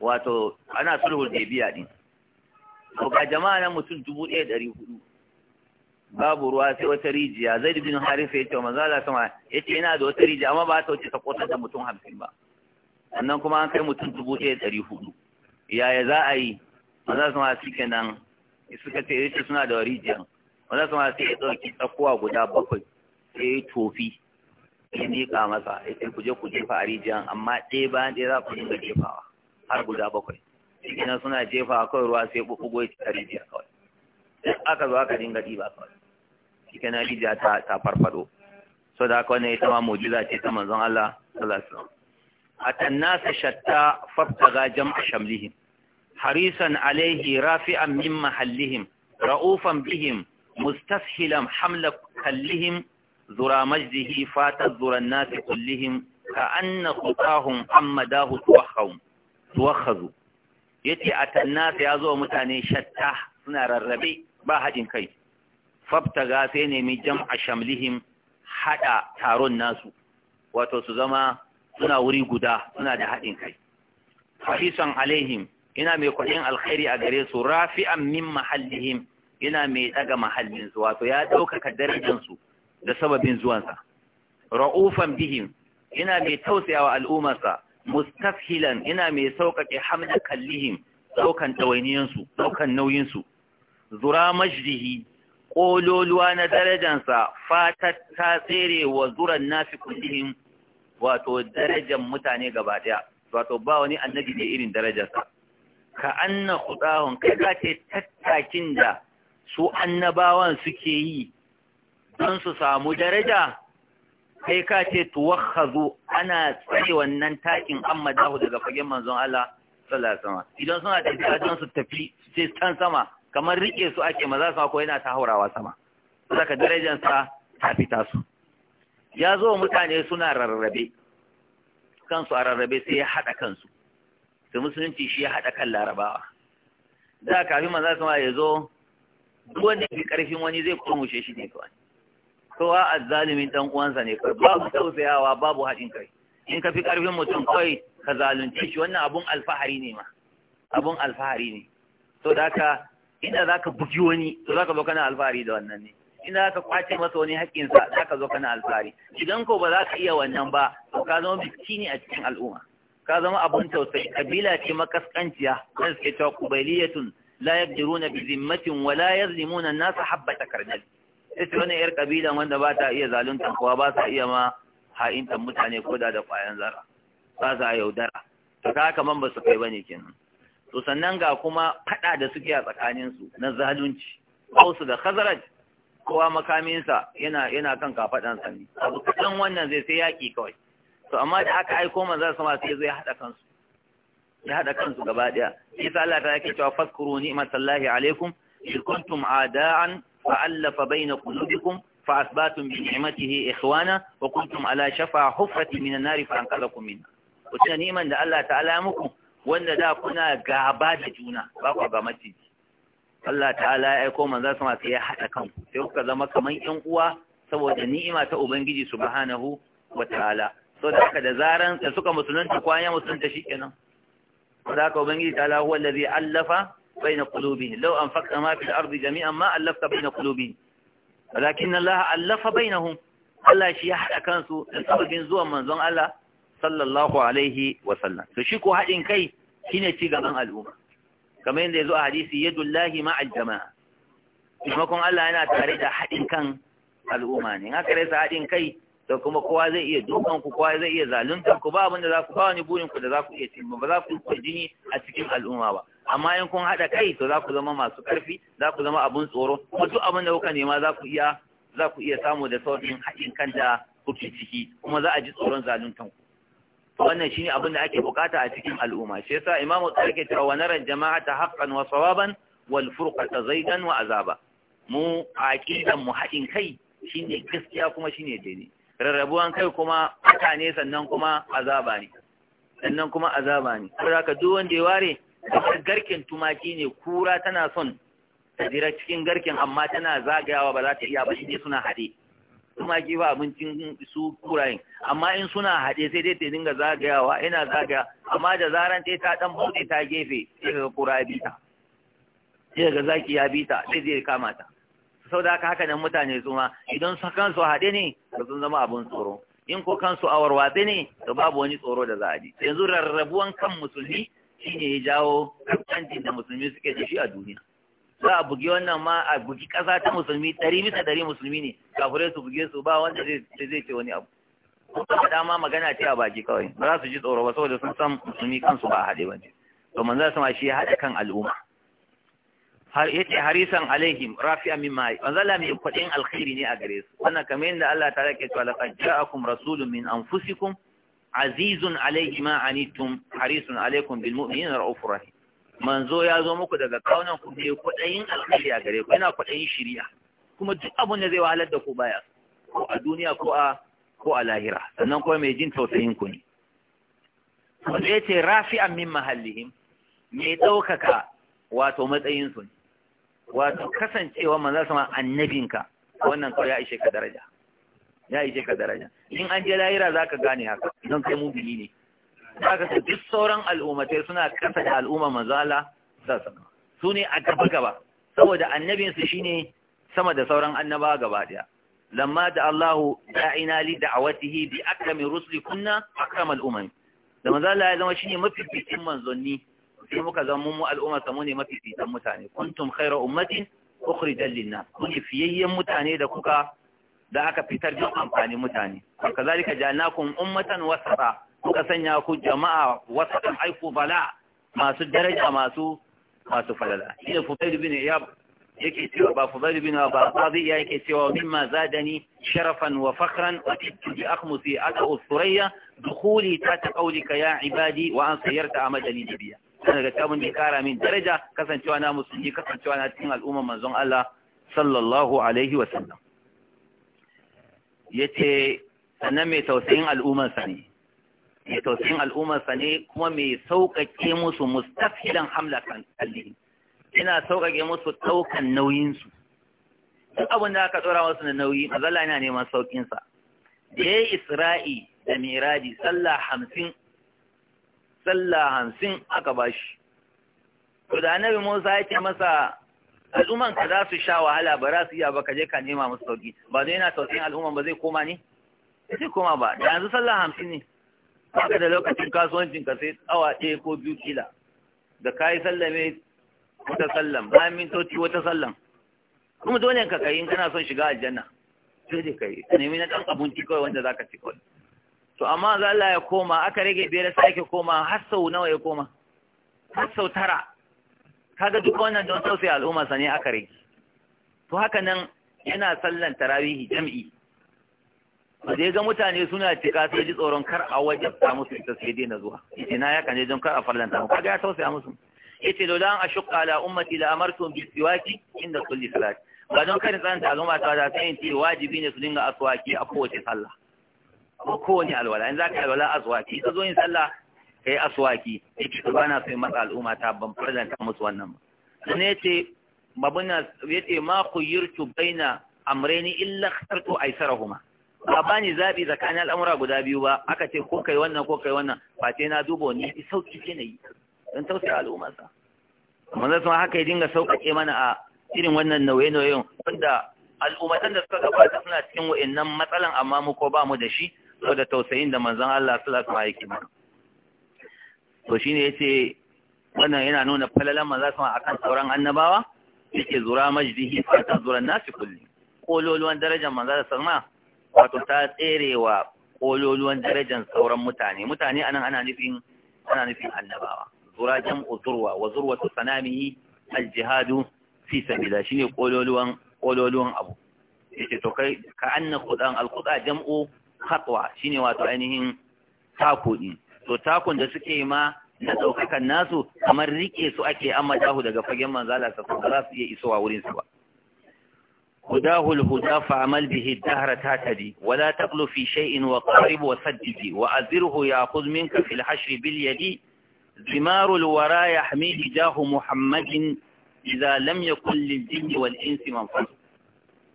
S1: wato ana sulhu da biya din to ga jama'a na mutum dubu ɗaya ɗari hudu babu ruwa sai wata rijiya zai bin harisa ya ce wa manzala sama ya ce yana da wata rijiya amma ba ta wuce ta kotar da mutum hamsin ba sannan kuma an kai mutum dubu ɗaya ɗari hudu yaya za a yi manzala sama suke nan? suka ce ya ce suna da rijiyan wannan sama sai ya ɗauki tsakuwa guda bakwai sai ya tofi ya miƙa masa ya ce kuje ku jefa a rijiyan amma ɗaya bayan ɗaya za ku dinga jefawa har guda bakwai shi suna jefa kawai ruwa sai ɓuɓɓugo ya ci a rijiyar kawai duk aka zo aka dinga ɗiba kawai shi kenan rijiya ta ta farfado so da haka wannan ita ma mujiza ce ta manzon Allah sallallahu alaihi wasallam atannasa shatta fabtaga jam'a shamlihim harisan alaihi rafi'an min mahallihim ra'ufan bihim mustashilam hamla kallihim zura majdihi fatar zuran nasi kullihim ka anna kutahun hammadahu tuwakhazu ya ce a tannasa ya zo mutane shatta suna rarrabe ba haɗin kai fabta ga sai nemi jam'a shamlihim haɗa taron nasu wato su zama suna wuri guda suna da haɗin kai fahisan alaihim ina mai kwaɗin alkhairi a gare su rafi'an min mahallihim yana mai daga mahallin su wato ya ɗaukaka darajar da sababin zuwansa ra'ufan bihim yana mai tausayawa al'ummarsa mustafhilan yana mai sauƙaƙe hamda kallihim ɗaukan ɗawainiyansu ɗaukan nauyinsu zura majdihi ƙololuwa na darajansa fatar ta tsere wa zuran nafi kullihim wato darajan mutane gaba ɗaya wato ba wani annabi ne irin darajarsa ka anna hudahun kai ka ce tattakin da su annabawan suke yi don su samu daraja kai ka ce tuwakhazu ana tsare wannan takin amma daga fagen manzon Allah sallallahu alaihi wasallam idan suna tafiya don su tafi ce can sama kamar rike su ake maza su ko yana ta haurawa sama saka darajar sa ta fita su ya zo mutane suna rarrabe kansu a rarrabe sai ya hada kansu to musulunci shi ya hada kan larabawa da kafin manzon Allah ya zo wanda ke karfin wani zai kurmushe shi ne kawai kowa azzalimin dan uwansa ne kawai babu tausayawa babu haɗin kai in ka fi karfin mutum kawai ka zalunce shi wannan abun alfahari ne ma abun alfahari ne to da haka inda zaka bugi wani to zaka zo kana alfahari da wannan ne inda zaka kwace masa wani haƙƙinsa zaka zo kana alfahari idan ko ba za ka iya wannan ba to ka zama ne a cikin al'umma ka zama abun tausayi kabila ce makaskanciya wanda suke cewa kubailiyatun la yaqdiruna bi zimmatin wa la yazlimuna an-nas habbata kardal ita wani yar kabila wanda ba ta iya zalunta kowa ba sa iya ma ha'intan mutane ko da da kwayan zara ba yaudara to ta haka man ba su kai bane kenan to sannan ga kuma faɗa da suke a tsakanin su na zalunci Hausu da Khazraj kowa makaminsa yana yana kan kafadansa ne abu kadan wannan zai sai yaki kawai to amma da aka aiko manzo sama sai zai haɗa kansu ya hada kansu gaba daya isa Allah ta yake cewa faskuru ni'matallahi alaikum in kuntum ada'an fa'allafa baina qulubikum fa asbatum bi ni'matihi ikhwana wa kuntum ala shafa hufrati minan nar fa anqadhakum minha wata ni'man da Allah ta'ala muku wanda da kuna gaba da juna ba ku ga maciji Allah ta'ala ya aiko manzo sama sai ya hada kanku sai kuka zama kaman ƴan uwa saboda ni'ima ta ubangiji subhanahu wa ta'ala saboda haka da zaran da suka musulunta kwaya musulunta shikenan wanda haka ubangiji ta da zai allafa baina qulubihim law anfaqta ma da ardi jami'an ma allafta baina qulubihim walakin Allah allafa hun, Allah shi ya haɗa kansu da zuwan manzon Allah sallallahu alaihi wa sallam to shi ko haɗin kai shine ci gaban al'umma kamar yadda yazo a hadisi yadullahi ma'al jama'a kuma Allah yana tare da haɗin kan al'umma ne haka rasa haɗin kai to kuma kowa zai iya dukan ku kowa zai iya zaluntar ku ba abinda za ku ba wani burin ku da za ku iya cimma ba za ku yi jini a cikin al'umma ba amma in kun haɗa kai to za ku zama masu ƙarfi za ku zama abun tsoro kuma duk abin da kuka nema za ku iya za ku iya samu da sauƙin haɗin kan da kuke ciki kuma za a ji tsoron zaluntan ku wannan shine abin da ake bukata a cikin al'umma shi yasa imamu tsarki cewa wa jama'a ta haqqan wa sawaban wal furqata zaidan wa azaba mu aqidan mu haɗin kai shine gaskiya kuma shine daidai rarrabuwan kai kuma aka ne sannan kuma azaba ne sannan kuma azaba ne ko zaka duk wanda ya ware kamar garken tumaki ne kura tana son ta jira cikin garken amma tana zagayawa ba za ta iya ba shi ne suna haɗe tumaki ba abincin su kurayen amma in suna haɗe sai dai ta dinga zagayawa yana zagaya amma da zaran ta ta dan bude ta gefe sai ga kura ya bita sai ga zaki ya bita sai zai kama ta sau da haka nan mutane su ma idan su kansu haɗe ne ba sun zama abin tsoro in ko kansu a warwatse ne to babu wani tsoro da za a ji yanzu rarrabuwan kan musulmi shine ya jawo kaskancin da musulmi suke da shi a duniya za a bugi wannan ma a bugi ƙasa ta musulmi ɗari bisa ɗari musulmi ne kafirai su buge su ba wanda zai ce wani abu kuma ba dama magana ce a baki kawai ba za su ji tsoro ba saboda sun san musulmi kansu ba a haɗe ba to manzo sama shi ya haɗa kan al'umma har yace harisan alaihim rafi'a mimma anzala min kwadin alkhairi ne a gare su wannan kamar yadda Allah ta rake cewa laqad ja'akum rasulun min anfusikum azizun alaihi ma anittum harisun alaikum bil mu'minina raufur rahim manzo ya zo muku daga kaunan ku ne kwaɗayin alkhairi a gare ku yana kwaɗayin shari'a kuma duk abun da zai wahalar da ku baya ko a duniya ko a ko a lahira sannan kuma mai jin tausayin ku ne wanda yace rafi'an min mahallihim mai ɗaukaka wato matsayin su ne wato kasancewa manzo sama annabinka wannan kawai ya ishe ka daraja ya ishe ka daraja in an je lahira ka gane haka don kai mu mubini ne zaka ga duk sauran al'ummatai suna kasa da al'umma manzo Allah sallallahu su ne a gaba gaba saboda annabinsu shine sama da sauran annaba gaba daya lamma da Allahu ya da'ina li da'awatihi bi akrami rusuli kunna akramal umam da manzo Allah ya zama shine mafificin manzonni sai muka zama mu al'umma samu ne mafi fitan mutane kuntum khayra ummatin ukhrijal linnas kun fiyayyen mutane da kuka da aka fitar don amfani mutane kazalika ja'alnakum ummatan wasata kuka sanya ku jama'a wasatan aiku bala masu daraja masu masu falala shine fudail bin iyab yake cewa ba fudail bin ba qadi yake cewa mimma zadani sharafan wa fakhran wa bi akhmusi aka usuriya dukhuli ta qawlika ya ibadi wa an sayyarta amadani dibiya sai daga abin da ya kara min daraja kasancewa na musulmi kasancewa na cikin al'ummar manzon Allah sallallahu alaihi wa sallam yace sannan mai tausayin al'ummar sa ne mai tausayin al'ummar sa ne kuma mai sauƙaƙe musu mustafilan hamla kan kalli ina sauƙaƙe musu ɗaukan nauyin su duk abin da aka tsora musu na nauyi mazalla ina neman sauƙin sa da yayi Isra'i da Miraji sallah hamsin sallah hamsin aka bashi to da annabi Musa ya ce masa al'umman ka za su sha wahala ba za su iya ba ka je ka nema musu sauki ba zai yana sauƙin al'umman ba zai koma ne zai koma ba da yanzu sallah hamsin ne haka da lokacin kasuwancin ka sai tsawa ɗaya ko biyu kila da ka yi sallame wata sallam bayan mintoci wata sallam kuma dole ka kai in kana son shiga aljanna sai dai ka nemi na ɗan abinci kawai wanda za ka ci kawai to amma za Allah ya koma aka rage biyar sake koma har sau nawa ya koma har sau tara kaga duk wannan don sau sai al'umma sane aka rage to haka nan yana sallan tarawihi jam'i ba zai ga mutane suna cika sai ji tsoron kar a ta musu ita sai dai na zuwa Ita na ya kanje don kar a fallan ta kaga ya tausaya musu yace lola an ashqa ala ummati la amartum bi siwaki inda kulli salat ba don kar tsanta al'umma ta da sai in ce wajibi ne su dinga aswaki a kowace sallah ko kowane alwala in za ka alwala aswaki ka zo yin sallah ka yi aswaki ya ce ba na sai matsa al'umma ta ban fadanta musu wannan ba ya ce mabuna ya ce ma ku khuyirtu baina amreni illa ikhtartu aisarahuma ba ba ni zaɓi tsakanin al'amura guda biyu ba aka ce ko kai wannan ko kai wannan ba ce na duba ni fi sauki ce na yi don tausaya al'umma sa manzo sun haka ya dinga sauƙaƙe mana a irin wannan nauye-nauyen wanda al'ummatan da suka gabata suna cikin wa'annan matsalan amma mu ko ba mu da shi da tausayin da manzon Allah sallallahu alaihi wasallam yake to shine yace wannan yana nuna falalan manzon sama akan sauran annabawa yake zura majdihi fa ta zura nasi kulli kololuwan darajar manzon sama wato ta tserewa kololuwan darajar sauran mutane mutane anan ana nufin ana nufin annabawa zura jam'u zurwa wa zurwatu sanamihi aljihadu, jihadu fi sabila shine kololuwan kololuwan abu yace to kai ka anna qudan al-qudan jam'u haƙwa shi ne wato ainihin takoɗin. To takon da suke ma na ɗaukakan nasu kamar riƙe su ake an madahu daga fagen manzala ta ba za su iya isowa wurinsu ba. Hudahul huda fa'amal bihi dahara ta tadi, wala taɓlo fi shai'in wa ƙaribu wa saddiji, wa azirhu ya kuzmin ka fil hashri bil yadi, zimarul wara ya hamidi jahu Muhammadin idza lam yakun lil jinni man fa.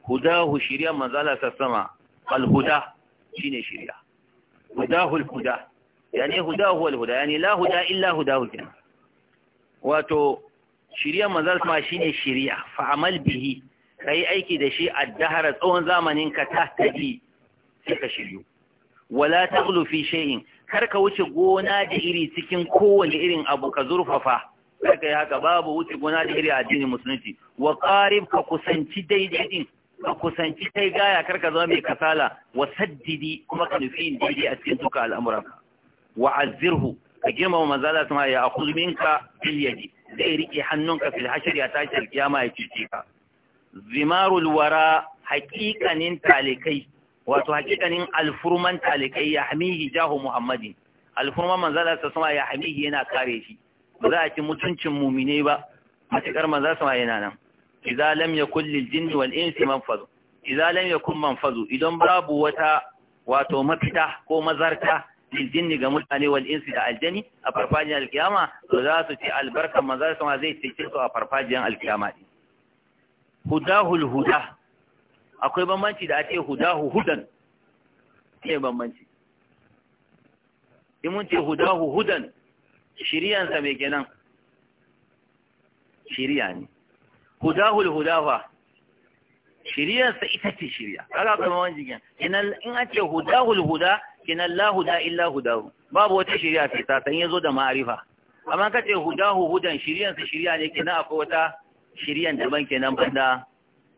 S1: Hudahu shirya manzala ta sama, al huda, shine shirya hudahul huda yani hudahu wal huda yani la huda illa hudahu kenan wato shirya manzal ma shine shirya fa amal bihi kai aiki da shi addahara tsawon zamanin ka ta tafi ka shiryu wala taghlu fi shay'in kar ka wuce gona da iri cikin kowane irin abu ka zurfafa kar ka yi haka babu wuce gona da iri a addinin musulunci wa qarib ka kusanci daidai din ka kusanci kai gaya kar ka zama mai kasala wa saddidi kuma ka nufi yin daidai a cikin duka al'amuran wa azirhu ka girmama manzala sama ya akhudh minka bil yadi zai rike hannunka fil a tashi kiyama ya cice ka zimarul wara haqiqanin talikai wato haqiqanin alfurman talikai ya hamihi jahu muhammadin alfurman manzala sama ya hamihi yana kare shi ba za a ci mutuncin mumine ba matakar manzala sama yana nan idza lam yakul lil jinni wal insi manfazu idza lam yakun manfazu idan babu wata wato mafita ko mazarta lil jinni ga mutane wal insi da aljani a farfajiyar alkiyama to za su ci albarkan mazarta ma zai ce a farfajiyar alkiyama din hudahul huda akwai bambanci da ake hudahu hudan ne bambanci in ce hudahu hudan shiriyansa mai kenan shiriya ne hudahul hudafa shiriyarsa ita ce shiriya kaga kalmawan jikin in an ce hudahul huda kinan la huda illa hudahu babu wata shiriya sai ta san yazo da ma'arifa amma kace hudahu hudan shiriyarsa shiriya ne kina akwai wata shiriyan daban kenan banda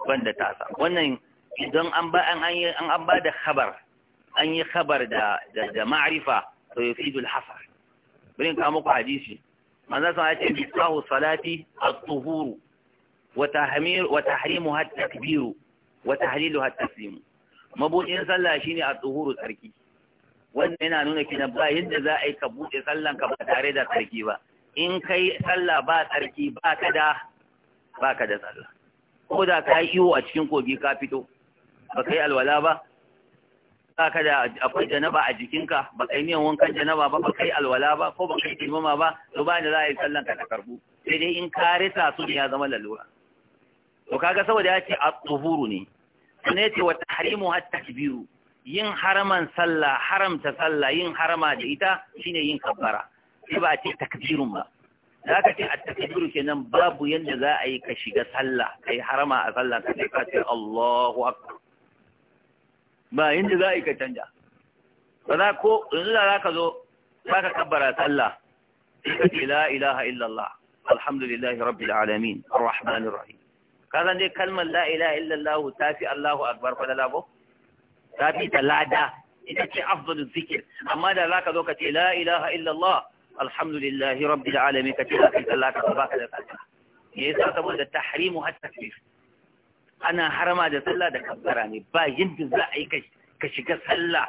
S1: banda tasa wannan idan an ba an an an ba da khabar an yi khabar da da ma'rifa to yufidul hasar bari ka muku hadisi manzo sai ya ce bisahu salati at-tuhuru وتحمير وتحريمها التكبير وتحليلها التسليم mabudin sallah shine a tuhuru tsarki wannan yana nuna kina ba yadda za a buɗe ka ba tare da tsarki ba in kai sallah ba tsarki ba ka da sallah ko da ka yi a cikin kogi ka fito ba kai alwala ba ka da akwai janaba a jikinka ba kai niyan wankan janaba ba ba kai alwala ba ko ba kai ba to ba za yi sallan ka sai dai in ka ta su ya zama lalura to kaga saboda ya ce at-tuhuru ne sannan ya ce wa tahrimu at-takbiru yin haraman sallah haramta sallah yin harama da ita shine yin kabbara sai ba ce takbirun ba zaka ce at-takbiru kenan babu yanda za a yi ka shiga sallah kai harama a sallah ka ka ce Allahu akbar ba yanda za a yi ka canja ba za ko yanzu da zaka zo zaka kabbara sallah ka ce la ilaha illallah alhamdulillahi rabbil alamin arrahmanir rahim ka san dai kalmar la ilaha illallah ta fi Allahu akbar fa la bo ta fi talada ita ce afdalu zikir amma da zaka zo ka ce la ilaha illallah alhamdulillahi rabbil alamin ka ce zaka sallah ka baka da sallah me yasa saboda tahrimu hatta takbir ana harama da sallah da kabbara ne ba yadda za a yi ka shiga sallah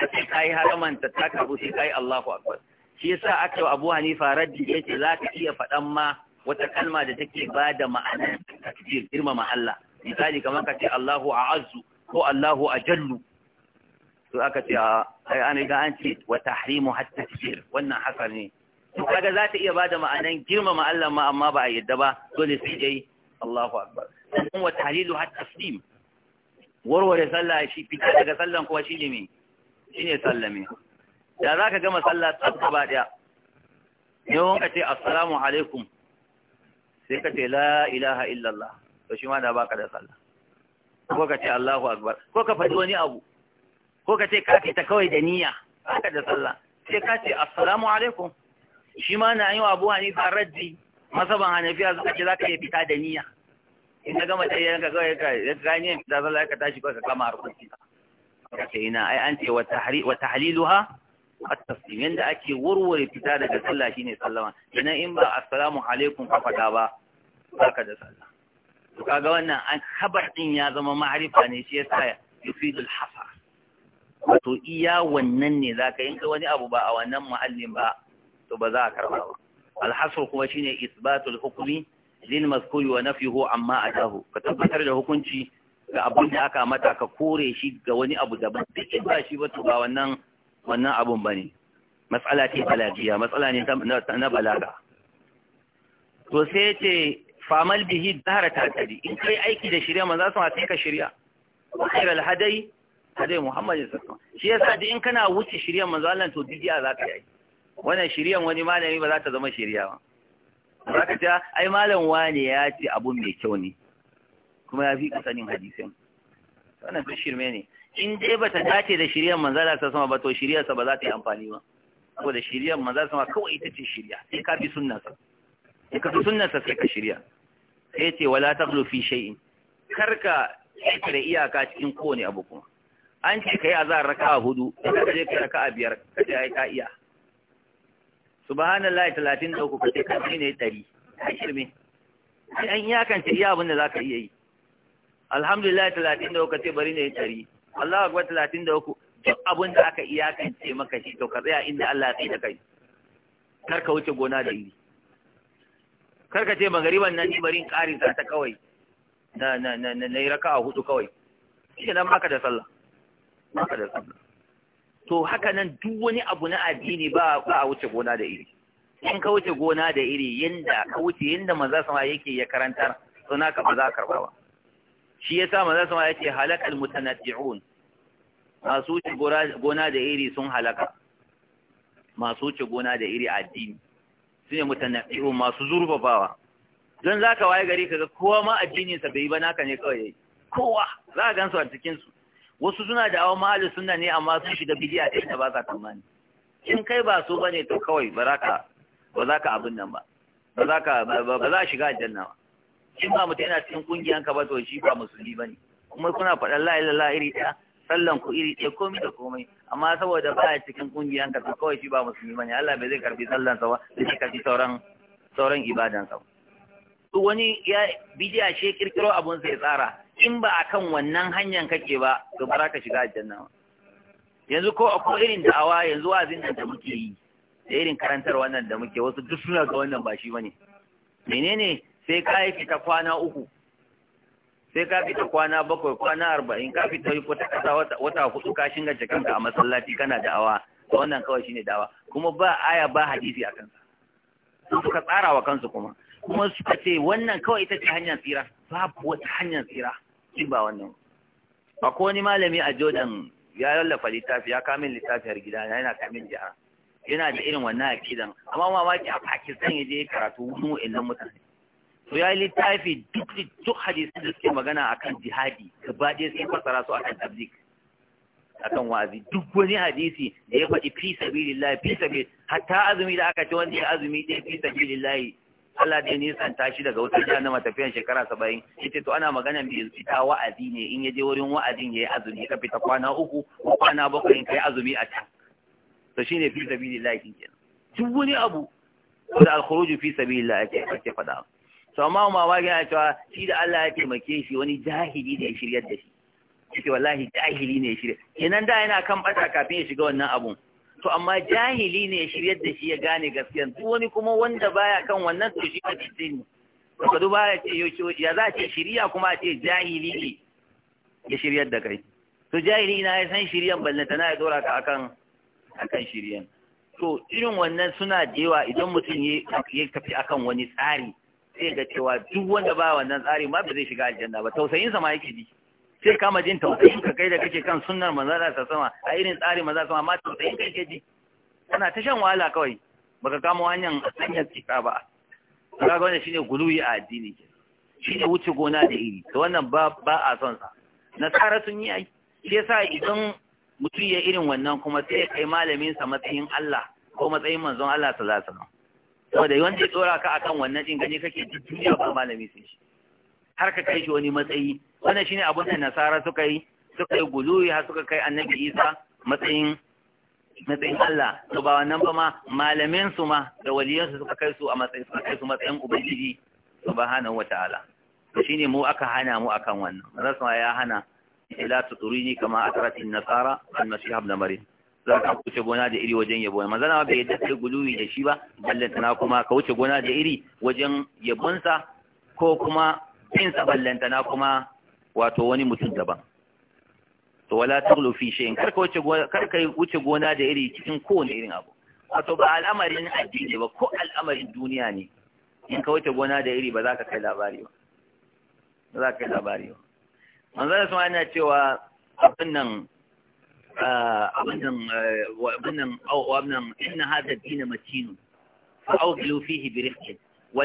S1: sai ka yi haraman ta ta kabu sai ka yi Allahu Akbar shi yasa aka yi Abu Hanifa raddi yace za ka iya faɗan ma wata kalma da take ba da ma'anar takbir girmama Allah misali kamar ka ce Allahu a'azzu ko Allahu ajallu to aka ce a ah, ai an ga an ce wa tahrimu hatta takbir wannan haka ne to kaga za ta iya ba da ma'anar girmama Allah ma amma ba a yadda ba dole sai dai Allahu akbar sannan wa tahlilu hatta taslim warware sallah shi fita daga sallan kuma shi ne me shine sallame da za ka gama sallah tsaf gaba daya ne wanka ce assalamu alaikum sai ka ce la ilaha illallah to shi ma da baka da sallah ko ka ce Allahu akbar ko ka faɗi wani abu ko ka ce ka ta kawai da niyya baka da sallah sai ka ce assalamu alaikum shi ma na yi wa Abu Hanifa raddi masaban Hanafiya suka ce zaka yi fita da niyya in ka gama tayi ka kawai ka gani fita sallah ka tashi ko ka kama harkokin ka ce ina ai an ce wa tahliluha attafi yanda ake warware fita daga sallah shine sallama idan in ba assalamu alaikum ka fada ba saka da sallah to kaga wannan an habar din ya zama ma'rifa ne shi yasa yufidul hafa to iya wannan ne zaka in wani abu ba a wannan muhallin ba to ba za a karba ba al kuma shine isbatul hukmi lil mazkur wa nafyuhu amma atahu ka tabbatar da hukunci ga abin da aka mata ka kore shi ga wani abu daban duk ba shi ba to ba wannan wannan abun ba ne. matsala ce balagiya matsala ne na balaga to sai ce famal bihi dahara tatari in kai aiki da shirya manzo sun sai ka shirya khair al hadai hadai muhammad sallallahu shi ya sa in kana wuce shirya manzo Allah to bidiya za ka yi wannan shiryan wani malami ba za ta zama shirya ba za ka ta ai malam wani ya ce abun mai kyau ne kuma ya fi kasanin sanin hadisin wannan duk shirme ne in dai ba ta dace da shiriyar manzala ta sama ba to sa ba za ta yi amfani ba saboda shiriyar manzala sama kawai ita ce shiriya sai ka bi sa sai ka bi sa sai ka shirya sai ce wala taqlu fi shay'in karka kare iyaka cikin kowane abu kuma an ce kai azan raka'a hudu ka je ka raka'a biyar ka je ka iya subhanallahi uku ka ce kan ne 100 ka shirme sai an iyakance iya abin da zaka iya yi alhamdulillah uku ka ce bari ne 100 Allah akbar talatin da uku duk abin da aka iyakance maka shi to ka tsaya inda Allah ya tsaye da kai kar ka wuce gona da iri kar ka ce magariban nan ni bari in za ta kawai na na na na a hudu kawai shi nan maka da sallah maka da sallah to haka nan duk wani abu na addini ba ba a wuce gona da iri in ka wuce gona da iri yanda ka wuce yanda manzo sama yake ya karanta, to naka ba za ka karba ba shi ya sa maza sama ce halakar mutanaddi'un masu wuce gona da iri sun halaka masu wuce gona da iri addini su ne mutanaddi'un masu zurfafawa don za ka waye gari kaga kowa ma addininsa bai yi ba naka ne kawai kowa za a gansu a cikinsu. wasu suna da awon mahalin suna ne amma sun shiga bidiya ɗaya da ba ka tsammani in kai ba su ba ne to kawai ba za ka abin nan ba ba za ka shiga ba in ba mutum yana cikin kungiyan ka ba to shi ba musulmi bane kuma kuna faɗan la ilaha iri ɗaya sallan ku iri ɗaya komai da komai amma saboda ba cikin kungiyan ka to kawai shi ba musulmi bane Allah bai zai karbi sallan sa ba shi karbi sauran sauran ibadan sa to wani ya bidiya ce kirkiro abun sai tsara in ba akan wannan hanyar kake ba to ba ka shiga aljanna ba yanzu ko ko irin da'awa yanzu wazin nan da muke yi da irin karantar wannan da muke wasu duk suna ga wannan ba shi bane menene sai ka yi fita kwana uku sai ka fita kwana bakwai kwana arba'in ka fita yi wata kasa wata hudu ka cikin ka a masallaci kana da'awa wannan kawai shine da'awa kuma ba aya ba hadisi a kansa sun suka tsara wa kansu kuma kuma suka ce wannan kawai ita ce hanyar tsira babu wata hanyar tsira shi ba wannan akwai wani malami a jordan ya lallafa littafi ya kamin littafiyar gida yana kamin jiha yana da irin wannan akidan amma mamaki a pakistan ya je karatu mu'in na mutane to ya yi littafi duk duk hadisi da suke magana akan jihadi gaba ɗaya sai fasara su akan tabzik akan wa'azi duk wani hadisi da ya faɗi fi sabilillah fi sabil hatta azumi da aka ce wanda ya azumi ɗaya fi sabilillah Allah da ya nisan tashi daga wata na matafiyan shekara saba'in ita to ana magana mai fita wa'azi ne in ya je wurin wa'azin ya yi azumi ka fita kwana uku ko kwana bakwai in kai azumi a can to shine fi sabilillah kenan duk wani abu da al-khuruj fi sabilillah ake ake to amma ba yana cewa shi da Allah ya taimake shi wani jahili ne ya shiryar da shi yake wallahi jahili ne ya shirya kenan da yana kan bata kafin ya shiga wannan abun to amma jahili ne ya shiryar da shi ya gane gaskiya duk wani kuma wanda baya kan wannan to shi ba cikin to ka duba ya ce ya za ce shiriya kuma ce jahili ne ya shiryar da kai to jahili ina ya san shiryan balle tana ya dora ka akan akan shiryan to irin wannan suna da yawa idan mutum ya tafi akan wani tsari sai ga cewa duk wanda ba wannan tsari ma ba zai shiga aljanna ba tausayin sa ma yake ji sai kama jin tausayin ka kai da kake kan sunnar manzo Allah ta sama a irin tsari manzo sama ma tausayin ka yake ji kana ta shan wahala kawai baka kama hanyar hanyar tsika ba ga wannan shine guluyi a addini shine wuce gona da iri to wannan ba ba a son sa nasara sun yi ai shi yasa idan mutum ya irin wannan kuma sai ya kai malamin sa matsayin Allah ko matsayin manzon Allah sallallahu alaihi wasallam saboda wanda ya tsora ka akan wannan ɗin gani kake duniya ba malami sai shi har ka kai shi wani matsayi wannan shine abin da nasara suka yi suka yi guluwi har suka kai annabi isa matsayin Allah to ba wannan ba ma malamin su ma da waliyan suka kai su a matsayin suka kai su matsayin ubangiji subhanahu wataala to shine mu aka hana mu akan wannan rasuwa ya hana la tuturini kama atratin nasara al-masih ibn maryam za ka wuce gona da iri wajen yabo Manzana Allah bai yadda kai guluwi da shi ba na kuma ka wuce gona da iri wajen yabonsa ko kuma ballanta na kuma wato wani mutum daban to wala taglu fi shay'in kar ka wuce gona kar ka wuce gona da iri cikin kowane irin abu wato ba al'amarin addini ba ko al'amarin duniya ne in ka wuce gona da iri ba za ka kai labari ba ba za ka kai labari ba manzon Allah yana cewa abin nan abinnan abinnan abinnan inna hadha ad-din matin fa awdilu fihi bi rifqin wa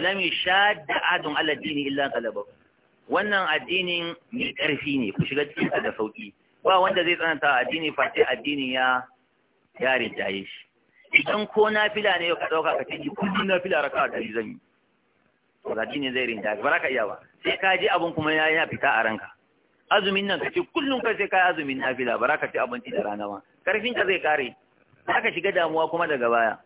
S1: wannan addinin mai ƙarfi ne ku shiga cikin da sauki ba wanda zai tsananta addini face addinin ya ya rinjaye shi idan ko nafila ne ka dauka ka ce kullum nafila raka da zan yi to addini zai rinjaye ba za iya ba sai ka ji abin kuma ya fita a ranka azumin nan kace kullum kai sai kai azumin nafila ba ka ci abinci da rana ba karfin ka zai kare ka shiga damuwa kuma daga baya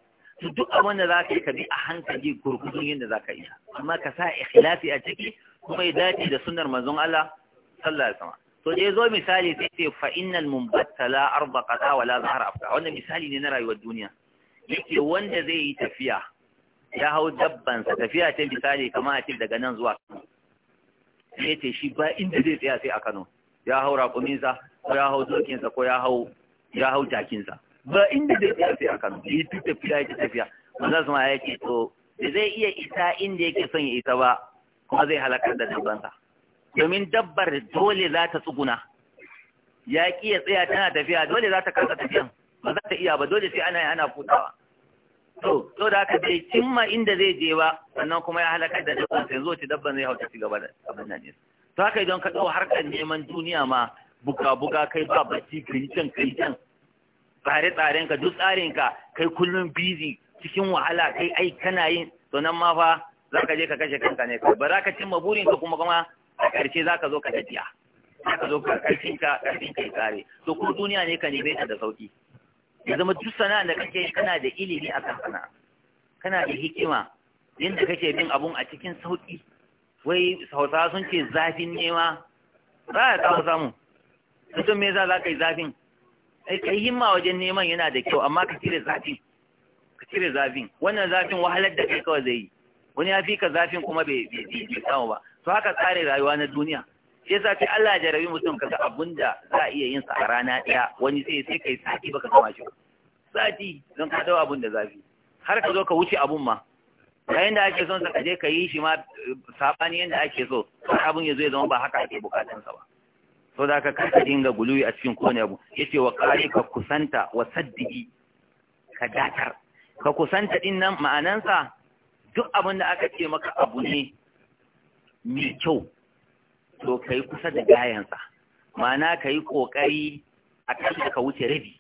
S1: to duk abin da yi ka bi a hankali gurgudun yadda zaka yi amma ka sa ikhlasi a ciki kuma ya dace da sunnar manzon Allah sallallahu alaihi wasallam to da misali sai ce fa innal mumbattala arba qata wala har afka wannan misali ne na rayuwar duniya yake wanda zai yi tafiya ya hau dabbansa tafiya ta misali kamar a ce daga nan zuwa sai shi ba inda zai tsaya sai a Kano ya hau raƙuminsa ko ya hau zokinsa ko ya hau jakinsa ba inda zai tsaya sai a Kano ya yi duk tafiya yake tafiya wanda zama ya ce to da zai iya isa inda yake son ya isa ba kuma zai halakar da dabbansa domin dabbar dole za ta tsuguna ya ƙi ya tsaya tana tafiya dole za ta kasa tafiyan ba za ta iya ba dole sai ana ana futawa to to da aka ce cimma inda zai je ba sannan kuma ya halaka da dabban sai zo ci dabban zai hauta ci gaba da abin nan ne to haka idan ka dau harkar neman duniya ma buga buga kai ba bacci kai can kai can tsare tsaren ka duk tsarin ka kai kullum busy cikin wahala kai ai kana yin to nan ma fa zaka je ka kashe kanka ne ba za ka cimma burin ka kuma kuma a ƙarshe za ka zo ka tafiya za ka zo ka ƙarfin ka ƙarfin ka tsare to ko duniya ne ka nime ta da sauki ya zama duk sana'a da kake kana da ilimi a kan sana'a kana da hikima yadda kake bin abun a cikin sauki wai hausa sun ce zafin nema za a kawo samu mutum me za za ka yi zafin kai himma wajen neman yana da kyau amma ka cire zafin ka cire zafin wannan zafin wahalar da kai kawai zai yi wani ya fi ka zafin kuma bai samu ba to haka tsare rayuwa na duniya yasa sai Allah ya jarabi mutum kaga abunda za a iya yin sa a rana ɗaya wani sai sai kai sati baka gama shi sati don ka dawo abun da zafi har ka zo ka wuce abun ma ka yanda ake son sa ka ka yi shi ma sabani yanda ake so har abun ya zo ya zama ba haka ake bukatun sa ba so da ka kasa dinga guluwi a cikin kowane abu yace wa ka kusanta wa saddiki ka datar ka kusanta din nan ma'anansa duk abin da aka ce maka abu ne mai kyau to ka yi kusa da gayansa ma'ana ka yi ƙoƙari a da ka wuce rabi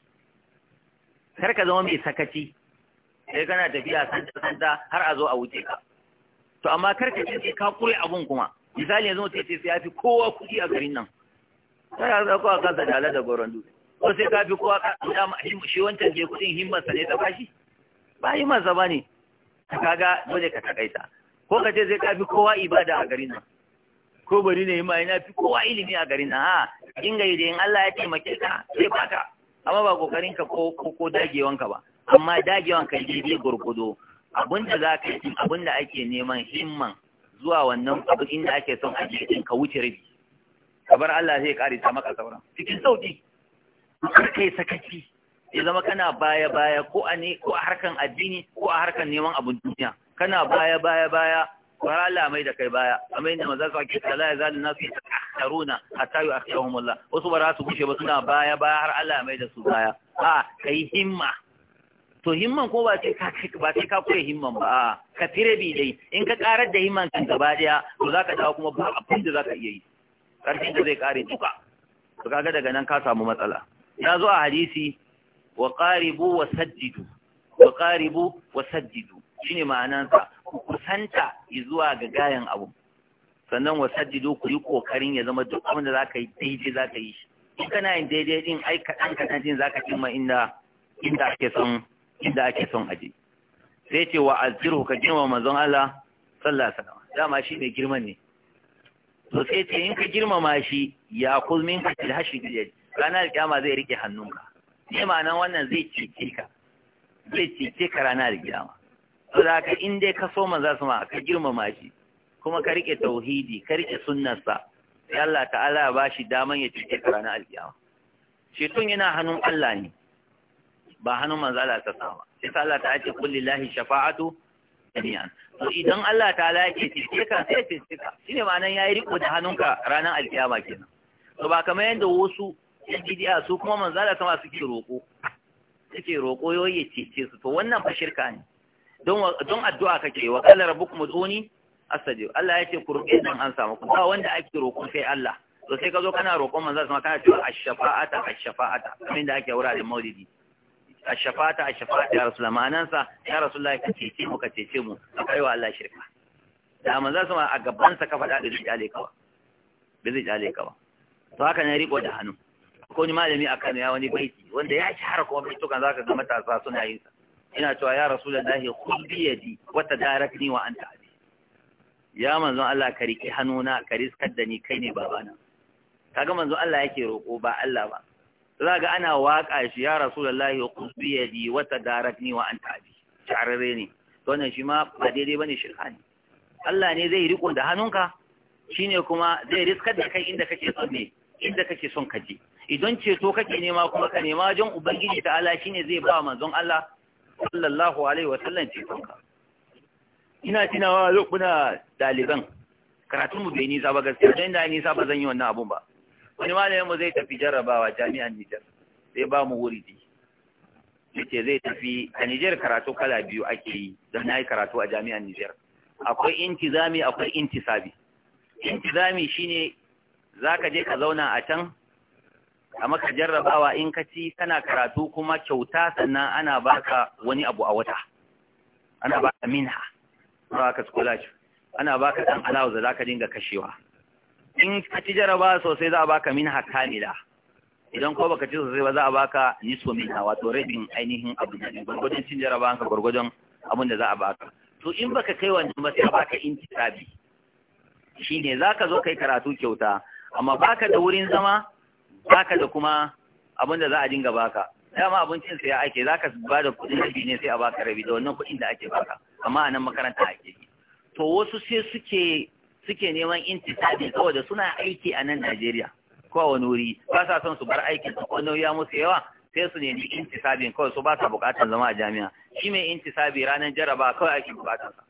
S1: kar ka zama mai sakaci sai kana tafiya santa santa har a zo a wuce ka to amma kar ka ce ka kure abun kuma misali yanzu mutum ce sai ya fi kowa kuɗi a garin nan kana da kowa kansa da ala da goron dutse ko sai ka fi kowa kansa shi wancan ke kuɗin himmarsa ne ta bashi ba himmarsa ba ne kaga dole ka takaita ko ka ce sai ka fi kowa ibada a garin nan ko bari ne ma ina fi kowa ilimi a garin ha in gai da in Allah ya taimake ka sai baka amma ba kokarin ka ko ko dagewan ka ba amma dagewan ka ji ji gurgudo abinda zaka yi abinda ake neman himman zuwa wannan abu inda ake son a ji ka wuce rabi kabar Allah zai kare ta maka sauran cikin sauki kar kai sakaci ya zama kana baya baya ko a ne ko a harkan addini ko a harkan neman abun duniya kana baya baya baya wara Allah mai da kai baya amma inda manzo sa ke Allah ya zalin nasu yatakharuna hatta yu'akhirahum Allah wasu bara su gushe ba suna baya baya har Allah mai da su baya a kai himma to himman ko ba sai ka ba ka kure himman ba a ka tire bi dai in ka karar da himman kan gaba daya to zaka dawo kuma ba abin da zaka iya yi karfin da zai kare duka to kaga daga nan ka samu matsala ya zo a hadisi wa qaribu wa sajjidu wa qaribu wa sajjidu ne ma'anansa ku kusanta zuwa ga gayan abu sannan wasajjidu ku yi kokarin ya zama duk abin da ka yi daidai ka yi shi in kana yin daidai din ai kaɗan kaɗan din zaka cimma inda inda ake son inda ake son aje sai ce wa azziru ka girma manzon Allah sallallahu alaihi wasallam dama shi ne girma ne to sai ce in ka girmama shi ya kulmin ka til hashi gidai ranar kiyama zai rike hannunka ne ma'anan wannan zai cece ka zai cece ka ranar kiyama saboda in dai ka so manzo sama ka girmama shi kuma ka rike tauhidi ka rike sunnarsa sai Allah ta'ala ya bashi daman ya cike ka ranar alkiyama shaytan yana hannun Allah ne ba hannun manzo Allah ta sama sai Allah ta ce kulli lahi shafa'atu jami'an to idan Allah ta'ala ya ce cike ka sai cike ka shine ma'anar yayi riko da hannunka ranar alkiyama kenan to ba kamar yadda wasu yan bidiya su kuma manzo Allah sama suke roko suke roko yoyi cece su to wannan fa shirka ne don addu'a kake wa qala rabbukum ud'uni astajib Allah ya ce ku roƙe dan an samu ba wanda ake roƙo sai Allah to sai ka zo kana roƙon manzo sama kana cewa ash-shafa'ata ash-shafa'ata kamar da ake wuraren maulidi ash-shafa'ata ash-shafa'ata ya rasulullah ma'anan sa ya rasulullah ka cece mu ka cece mu kai wa Allah shirka da manzo sama a gaban sa ka faɗa da zuciya lekawa bi zuciya lekawa to haka ne riko da hannu ko ni malami a Kano ya wani baiti wanda ya shahara kuma baitukan zaka ga matasa suna yin sa ina cewa ya rasu da lahi bi yadi wata tadarakni wa anta abi ya manzo Allah ka rike hannuna ka riskar da ni kai ne babana kaga manzo Allah yake roko ba Allah ba za ga ana waka shi ya rasulullahi khudh bi yadi wata tadarakni wa anta abi tarare ne to wannan shi ma ba daidai bane shirka ne Allah ne zai riko da hannunka shine kuma zai riskar da kai inda kake son ne inda kake son ka je idan ceto kake nema kuma ka nema wajen ubangiji ta ala shine zai ba manzon Allah sallallahu alaihi wasallam ce kanka ina tunawa lokuna daliban karatun mu bai nisa ba gaskiya dan da nisa ba zan yi wannan abun ba wani malamin mu zai tafi jarrabawa jami'an Nijar sai ba mu wuri di yace zai tafi a Nijar karatu kala biyu ake yi dan nayi karatu a jami'an Nijar akwai intizami akwai intisabi intizami shine zaka je ka zauna a can a maka jarrabawa in ka ci kana karatu kuma kyauta sannan ana baka wani abu a wata ana baka minha baka scholarship ana baka dan alawa da zaka dinga kashewa in ka ci jarrabawa sosai za a baka minha kamila idan ko baka ci sosai ba za a baka nisfu minha wato rabin ainihin abu ne gurgurdan cin jarrabawa ka gurgurdan abin da za a baka to in baka kai wannan ba sai baka intisabi shine zaka zo kai karatu kyauta amma baka da wurin zama baka da kuma abin da za a dinga baka dama abincin sai ake zaka ba da kuɗin rabi ne sai a baka rabi da wannan kuɗin da ake baka amma a nan makaranta ake to wasu sai suke suke neman intisabi saboda suna aiki a nan Najeriya ko wani wuri ba sa son su bar aikin su ko nauyi musu yawa sai su nemi intisabin kawai su ba sa bukatar zama a jami'a shi mai intisabi ranar jaraba kawai ake bukatar sa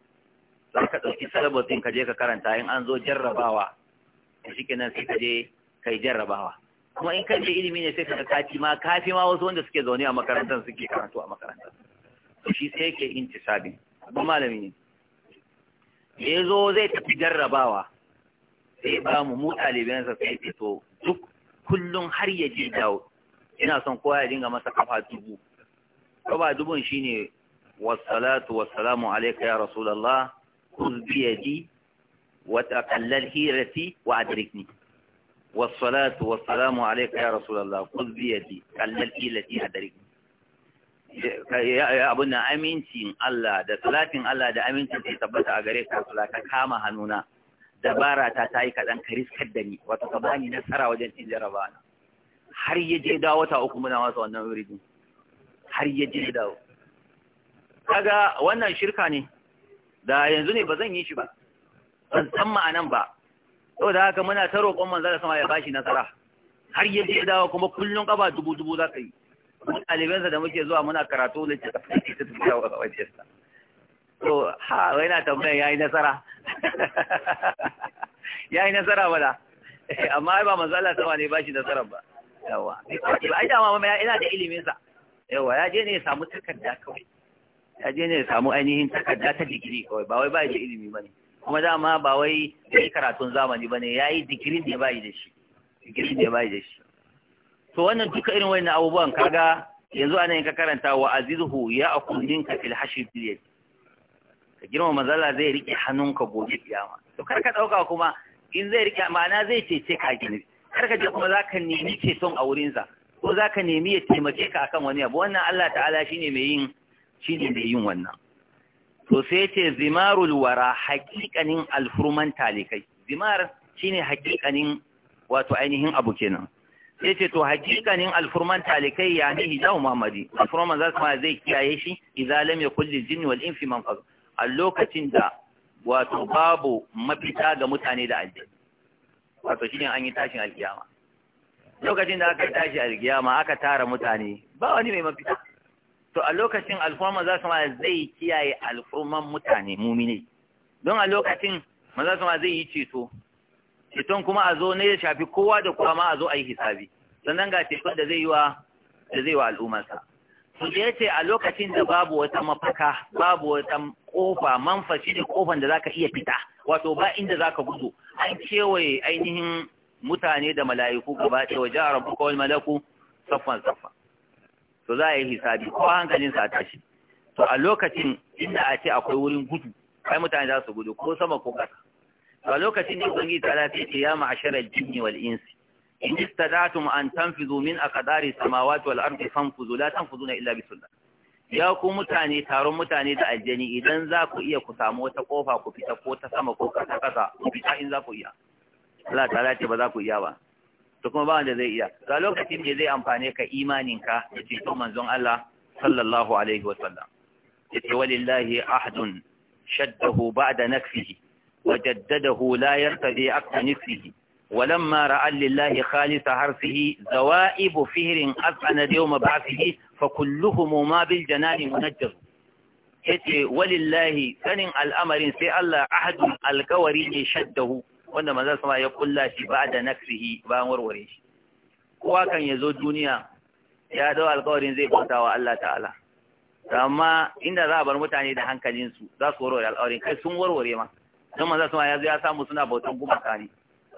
S1: za ka ɗauki salabatin ka je ka karanta in an zo jarrabawa shi kenan sai ka je kai jarrabawa kuma in kan ilimi ne sai ka kafi ma kafi ma wasu wanda suke zaune a makarantar suke karatu a makarantar to shi sai yake intisabi abin malami ne ya zo zai tafi jarrabawa sai ba mu mu ɗalibansa sai ce to duk kullum har ya ji dawo ina son kowa ya dinga masa kafa dubu kafa dubun shine wassalatu wassalamu alayka ya rasulullah khudh bi yadi wa taqallal hirati wa adrikni والصلاة والسلام عليك يا رسول الله خذ بيدي التي التي أدرك ya abun da amincin Allah da salatin Allah da amincin da tabbata a gare ka sula ka kama hannuna dabara ta ta yi kaɗan ka riskar da ni wata ka bani nasara wajen cin jaraba na har yaje je dawo ta uku muna masa wannan wuri har yaje je dawo kaga wannan shirka ne da yanzu ne ba zan yi shi ba ban san ma'anan ba saboda haka muna ta roƙon manzo da sama ya bashi nasara har ya dawo kuma kullun kafa dubu dubu za ka yi ɗalibansa da muke zuwa muna karatu da ta tafi ta tafi a wajensa to ha wai na tambayan yayi nasara (laughs) yayi nasara bala eh, amma ai ba manzo Allah sama ne bashi nasara ba yawa ai da mama ina da ilimin sa yawa ya je ne ya samu takarda kawai ya je ne ya samu ainihin takarda ta digiri kawai ba wai ba shi da ilimi bane kuma dama ba wai da yi karatun zamani ba ne ya yi digiri ne ba yi da shi Digiri ne ba yi da shi to wannan duka irin wani abubuwan kaga yanzu ana yin ka karanta wa azizuhu ya akudin ka fil hashir biliyar ka girma mazala zai rike hannunka gobe kiyama to kar ka dauka kuma in zai rike ma'ana zai cece ka gini kar ka je kuma zaka nemi ceton a wurinsa ko zaka nemi ya taimake ka akan wani abu wannan Allah ta'ala shine mai yin shine mai yin wannan to sai ce zimarul wara hakikanin alfurman talikai zimar shine hakikanin wato ainihin abu kenan sai ce to hakikanin alfurman talikai ya ne hijau mamadi alfurman za ma zai kiyaye shi idan lam yakul lil jinni wal insi manfaz a lokacin da wato babu mafita ga mutane da aljanna wato shine an yi tashin alkiyama
S2: lokacin da aka tashi
S1: alkiyama aka tara mutane ba wani mai mafita to a lokacin alfuma za su ma zai kiyaye alfuman mutane mumine don a lokacin maza su ma zai yi ceto ceton kuma a zo ne ya shafi kowa da kowa ma a zo a yi hisabi sannan ga ceton da zai yi wa da zai wa su da ya ce a lokacin da babu wata mafaka babu wata kofa manfashi da kofan da zaka iya fita wato ba inda ka gudu an kewaye ainihin mutane da mala'iku gaba ɗaya waje a rabu kawai malaku saffan saffan to za a yi hisabi ko hankalin sa tashi to a lokacin inda a ce akwai wurin gudu kai mutane za su gudu ko sama ko ƙasa to a lokacin ne ubangiji ta lafi ce ya ma'asharar jinni wal insi in istadatum an tanfizu min aqdari samawati wal ardi fanfuzu la tanfuzuna illa bi sultan ya ku mutane taron mutane da aljani idan za ku iya ku samu wata kofa ku fita ko ta sama ko ƙasa ƙasa ku fita in za ku iya Allah ta ce ba za ku iya ba to kuma ba wanda zai iya ga lokacin ne zai amfane ka imaninka da ceton manzon Allah sallallahu alaihi wa sallam yace walillahi ahdun shaddahu ba'da nakfihi وجدده لا يرتدي أكثر نفسه ولما رأى لله خالص حرسه زوائب فهر أذعن يوم بعثه فكلهم ما بالجنان منجر yace walillahi sanin al'amarin sai Allah ahadun alkawari ne shaddahu wanda manzon sama ya kulla shi ba da nakrihi bayan warware shi kowa kan ya zo duniya ya dawo alƙawarin zai bauta wa Allah ta'ala amma inda za a bar mutane da hankalinsu za su warware alƙawarin kai sun warware ma don manzon sama ya zo ya samu suna bautan gumaka ne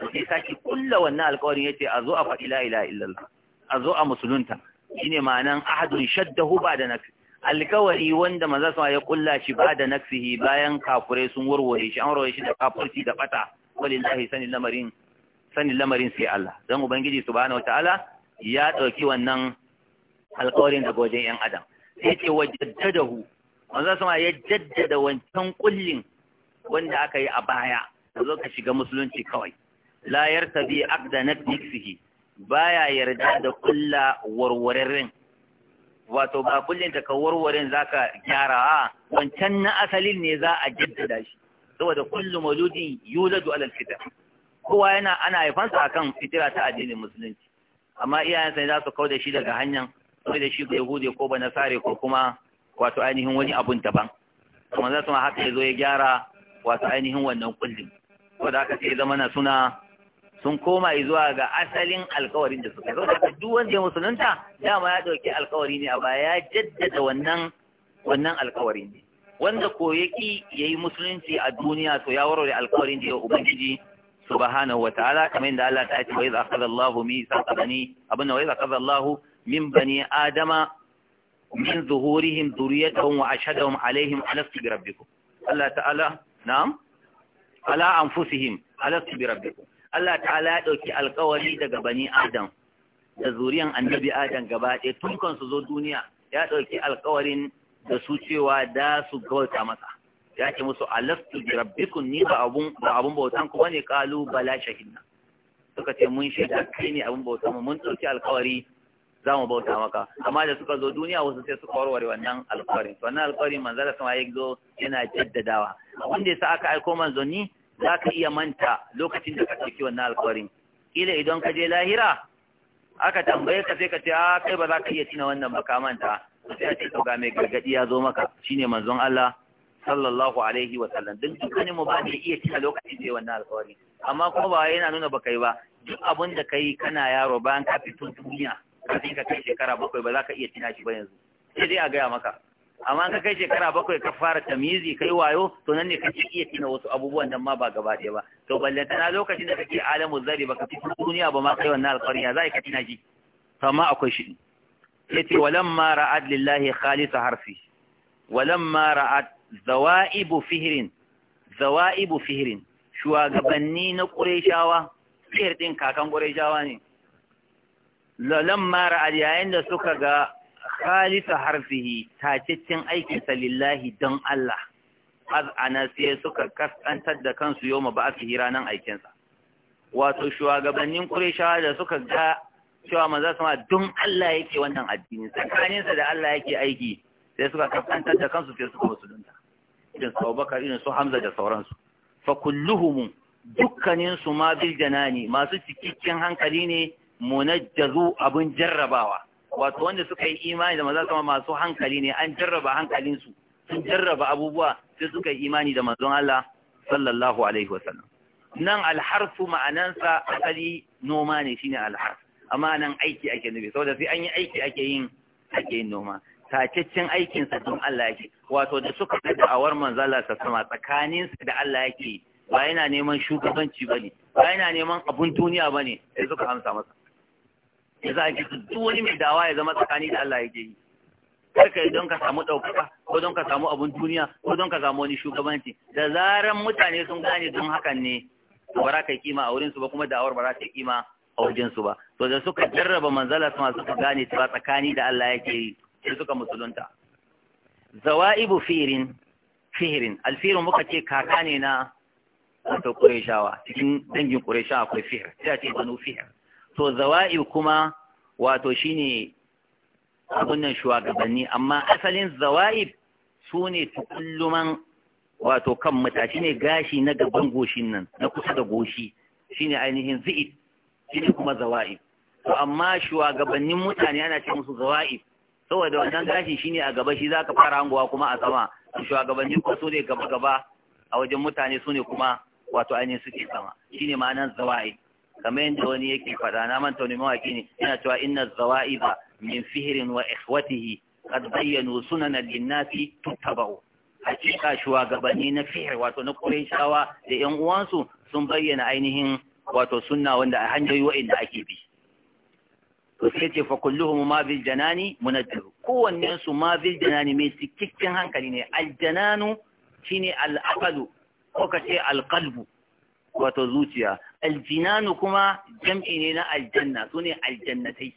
S1: sai saki kulla wannan alƙawarin yace a zo a faɗi la ilaha illallah a zo a musulunta shine ma'anan ahadun shaddahu ba da nakrihi alkawari wanda manzon sama ya kulla shi ba da nafsihi bayan kafure sun warware shi an warware shi da kafurci da bata walillahi sanin lamarin sanin lamarin sai Allah dan ubangiji subhanahu wataala ya dauki wannan alƙawarin daga wajen yan adam sai ce wajaddadahu manzo sama ya jaddada wancan kullin wanda aka yi a baya ka zo ka shiga musulunci kawai la yartabi aqda nafsihi baya yarda da kulla warwararren wato ba kullin ta ka warwarin zaka gyara wancan na asalin ne za a jaddada shi saboda kullum mauludin yuladu alal fita kowa yana ana haifansa akan fitira ta addinin musulunci amma iyayensa ne za su kauda shi daga hanyar sai da shi ba yahudi ko ba nasare ko kuma wato ainihin wani abun daban kuma za su haka ya zo ya gyara wato ainihin wannan kullum saboda haka sai zama na suna sun koma zuwa ga asalin alkawarin da suka saboda da duk wanda ya musulunta dama ya ɗauki alkawari ne a baya ya jaddada wannan wannan alkawari ne wanda ko yaki yayi musulunci a duniya to ya warware alƙawarin da ya ubangiji subhanahu wataala kamar da Allah ta ce wa idza akhadha Allahu mithaqa bani abuna wa idza akhadha Allahu min bani adama min zuhurihim dhurriyyatahum wa ashhadahum alaihim alastu bi rabbikum Allah ta'ala na'am ala anfusihim alastu bi rabbikum Allah ta'ala ya dauki alƙawari daga bani adam da zuriyan annabi adam gaba ɗaya tun kan su zo duniya ya dauki alƙawarin da su cewa da su bauta masa ya ce musu alastu bi rabbikum ni ba abun ba abun bautan ku bane Kalu, bala shahidna suka ce mun shaida kai ne abun bautan mu mun dauki alƙawari za mu bauta maka amma da suka zo duniya wasu sai suka warware wannan alƙawarin wannan alƙawarin manzala sama yake zo yana jaddadawa wanda da yasa aka aiko ni, za ka iya manta lokacin da ka ɗauki wannan alƙawarin kila idan ka je lahira aka tambaye ka sai ka ce a kai ba za ka iya tina wannan ba ka manta sai a ga mai gargadi ya zo maka shine manzon Allah sallallahu alaihi wa sallam din dukkanin mu ba ne iya cika lokacin da wannan alƙawari amma kuma ba yana nuna ba kai ba duk abin da kai kana yaro bayan ka fito duniya kafin ka kai shekara bakwai ba za ka iya tina shi ba yanzu sai dai a gaya maka amma ka kai shekara bakwai ka fara tamizi kai wayo to nan ne kake iya tina wasu abubuwan nan ma ba gaba ɗaya ba to tana lokacin da kake alamu zari baka fito duniya ba ma kai wannan alƙawari ya za ka tina shi to amma akwai shi yace walamma ra'ad lillahi khalis harfi walamma ra'ad zawaibu fihrin zawaibu fihrin shugabanni na qurayshawa Fihir ɗin kakan qurayshawa ne lalamma ra'ad yayin da suka ga khalisa harfihi tacaccen aikinsa lillahi don Allah az'ana sai suka kaskantar da kansu yau ma ba a fi ranan aikinsa wato shugabannin qurayshawa da suka ga cewa manzo sama don Allah yake wannan addini tsakaninsa da Allah yake aiki sai suka kafantar da kansu sai suka musulunta irin su Abubakar irin su Hamza da sauransu fa kulluhum dukkanin su ma bil janani masu cikakken hankali ne munajjazu abun jarrabawa wato wanda suka yi imani da manzo sama masu hankali ne an jarraba hankalinsu sun jarraba abubuwa sai suka yi imani da manzon Allah sallallahu alaihi wasallam nan alharfu ma'anansa asali noma ne shine alharf amma nan aiki ake nufi saboda sai an yi aiki ake yin ake yin noma tacaccen aikin sa don Allah yake wato da suka ga da'awar manzo Allah sa sama tsakanin sa da Allah yake ba yana neman shugabanci bane ba yana neman abun duniya bane sai suka amsa masa ya za ki duk wani mai dawa ya zama tsakani da Allah yake yi kar kai don ka samu ɗaukaka ko don ka samu abun duniya ko don ka samu wani shugabanci da zaran mutane sun gane don hakan ne ba za ka yi kima a wurinsu ba kuma da'awar ba za ta yi kima a wajensu ba to da suka jarraba manzala masu suka gane cewa tsakani da Allah yake yi sai suka musulunta zawaibu firin firin alfirin muka ce kaka ne na wato qurayshawa cikin dangin qurayshawa akwai fihr sai ce banu fihr to zawaib kuma wato shine abin nan shugabanni amma asalin zawaib sune tukulluman wato kan mata ne gashi na gaban goshin nan na kusa da goshi shine ainihin zi'id shi kuma zawa'i to amma shugabannin mutane ana ce musu zawa'i saboda wannan gashi shine a gaba shi zaka fara hangowa kuma a sama shugabannin ko su ne gaba gaba a wajen mutane su ne kuma wato ainihin suke sama shine ma'anar zawa'i kamar yadda wani yake faɗa na manta wani mawaƙi ne yana cewa inna ba, min fihirin wa ikhwatihi qad bayyanu sunana linnasi tuttaba'u hakika shugabanni na fihir wato na shawa da yan uwansu sun bayyana ainihin wato sunna wanda a hanyoyi wa'inda ake bi to sai ce fa kulluhum ma bil janani munajjir kowannen su ma bil janani mai cikakken hankali ne al jananu shine al aqalu ko ka al qalbu wato zuciya al jinanu kuma jam'i ne na al janna sune al jannatai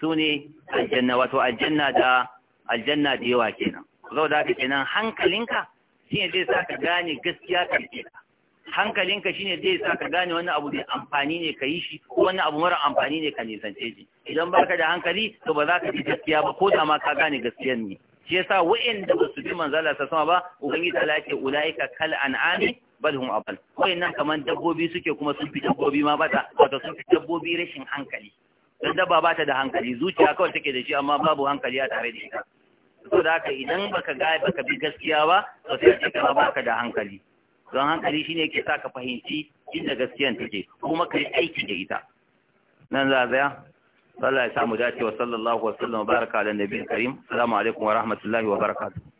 S1: sune al wato al da al janna da yawa kenan saboda haka kenan hankalinka shine zai saka gane gaskiya kake ka hankalinka shine zai sa ka gane wani abu mai amfani ne ka yi shi ko wani abu mara amfani ne ka nisance shi idan baka da hankali to ba za ka ji gaskiya ba ko da ma ka gane gaskiyar ne shi yasa wa'anda ba su bi manzala sa sama ba ubangiji ta lace ulaika kal an'ami bal hum abal ina kaman dabbobi suke kuma sun fi dabbobi ma bata wato sun fi dabbobi rashin hankali dan dabba bata da hankali zuciya kawai take da shi amma babu hankali a tare da ita saboda haka idan baka ga baka bi gaskiya ba to sai ka ba baka da hankali don hankali shine yake sa ka fahimci inda gaskiyan take kuma ka yi aiki da ita nan za zaya sallallahu alaihi dace wa sallallahu wa sallam baraka ala nabiyil karim assalamu alaikum wa rahmatullahi wa barakatuh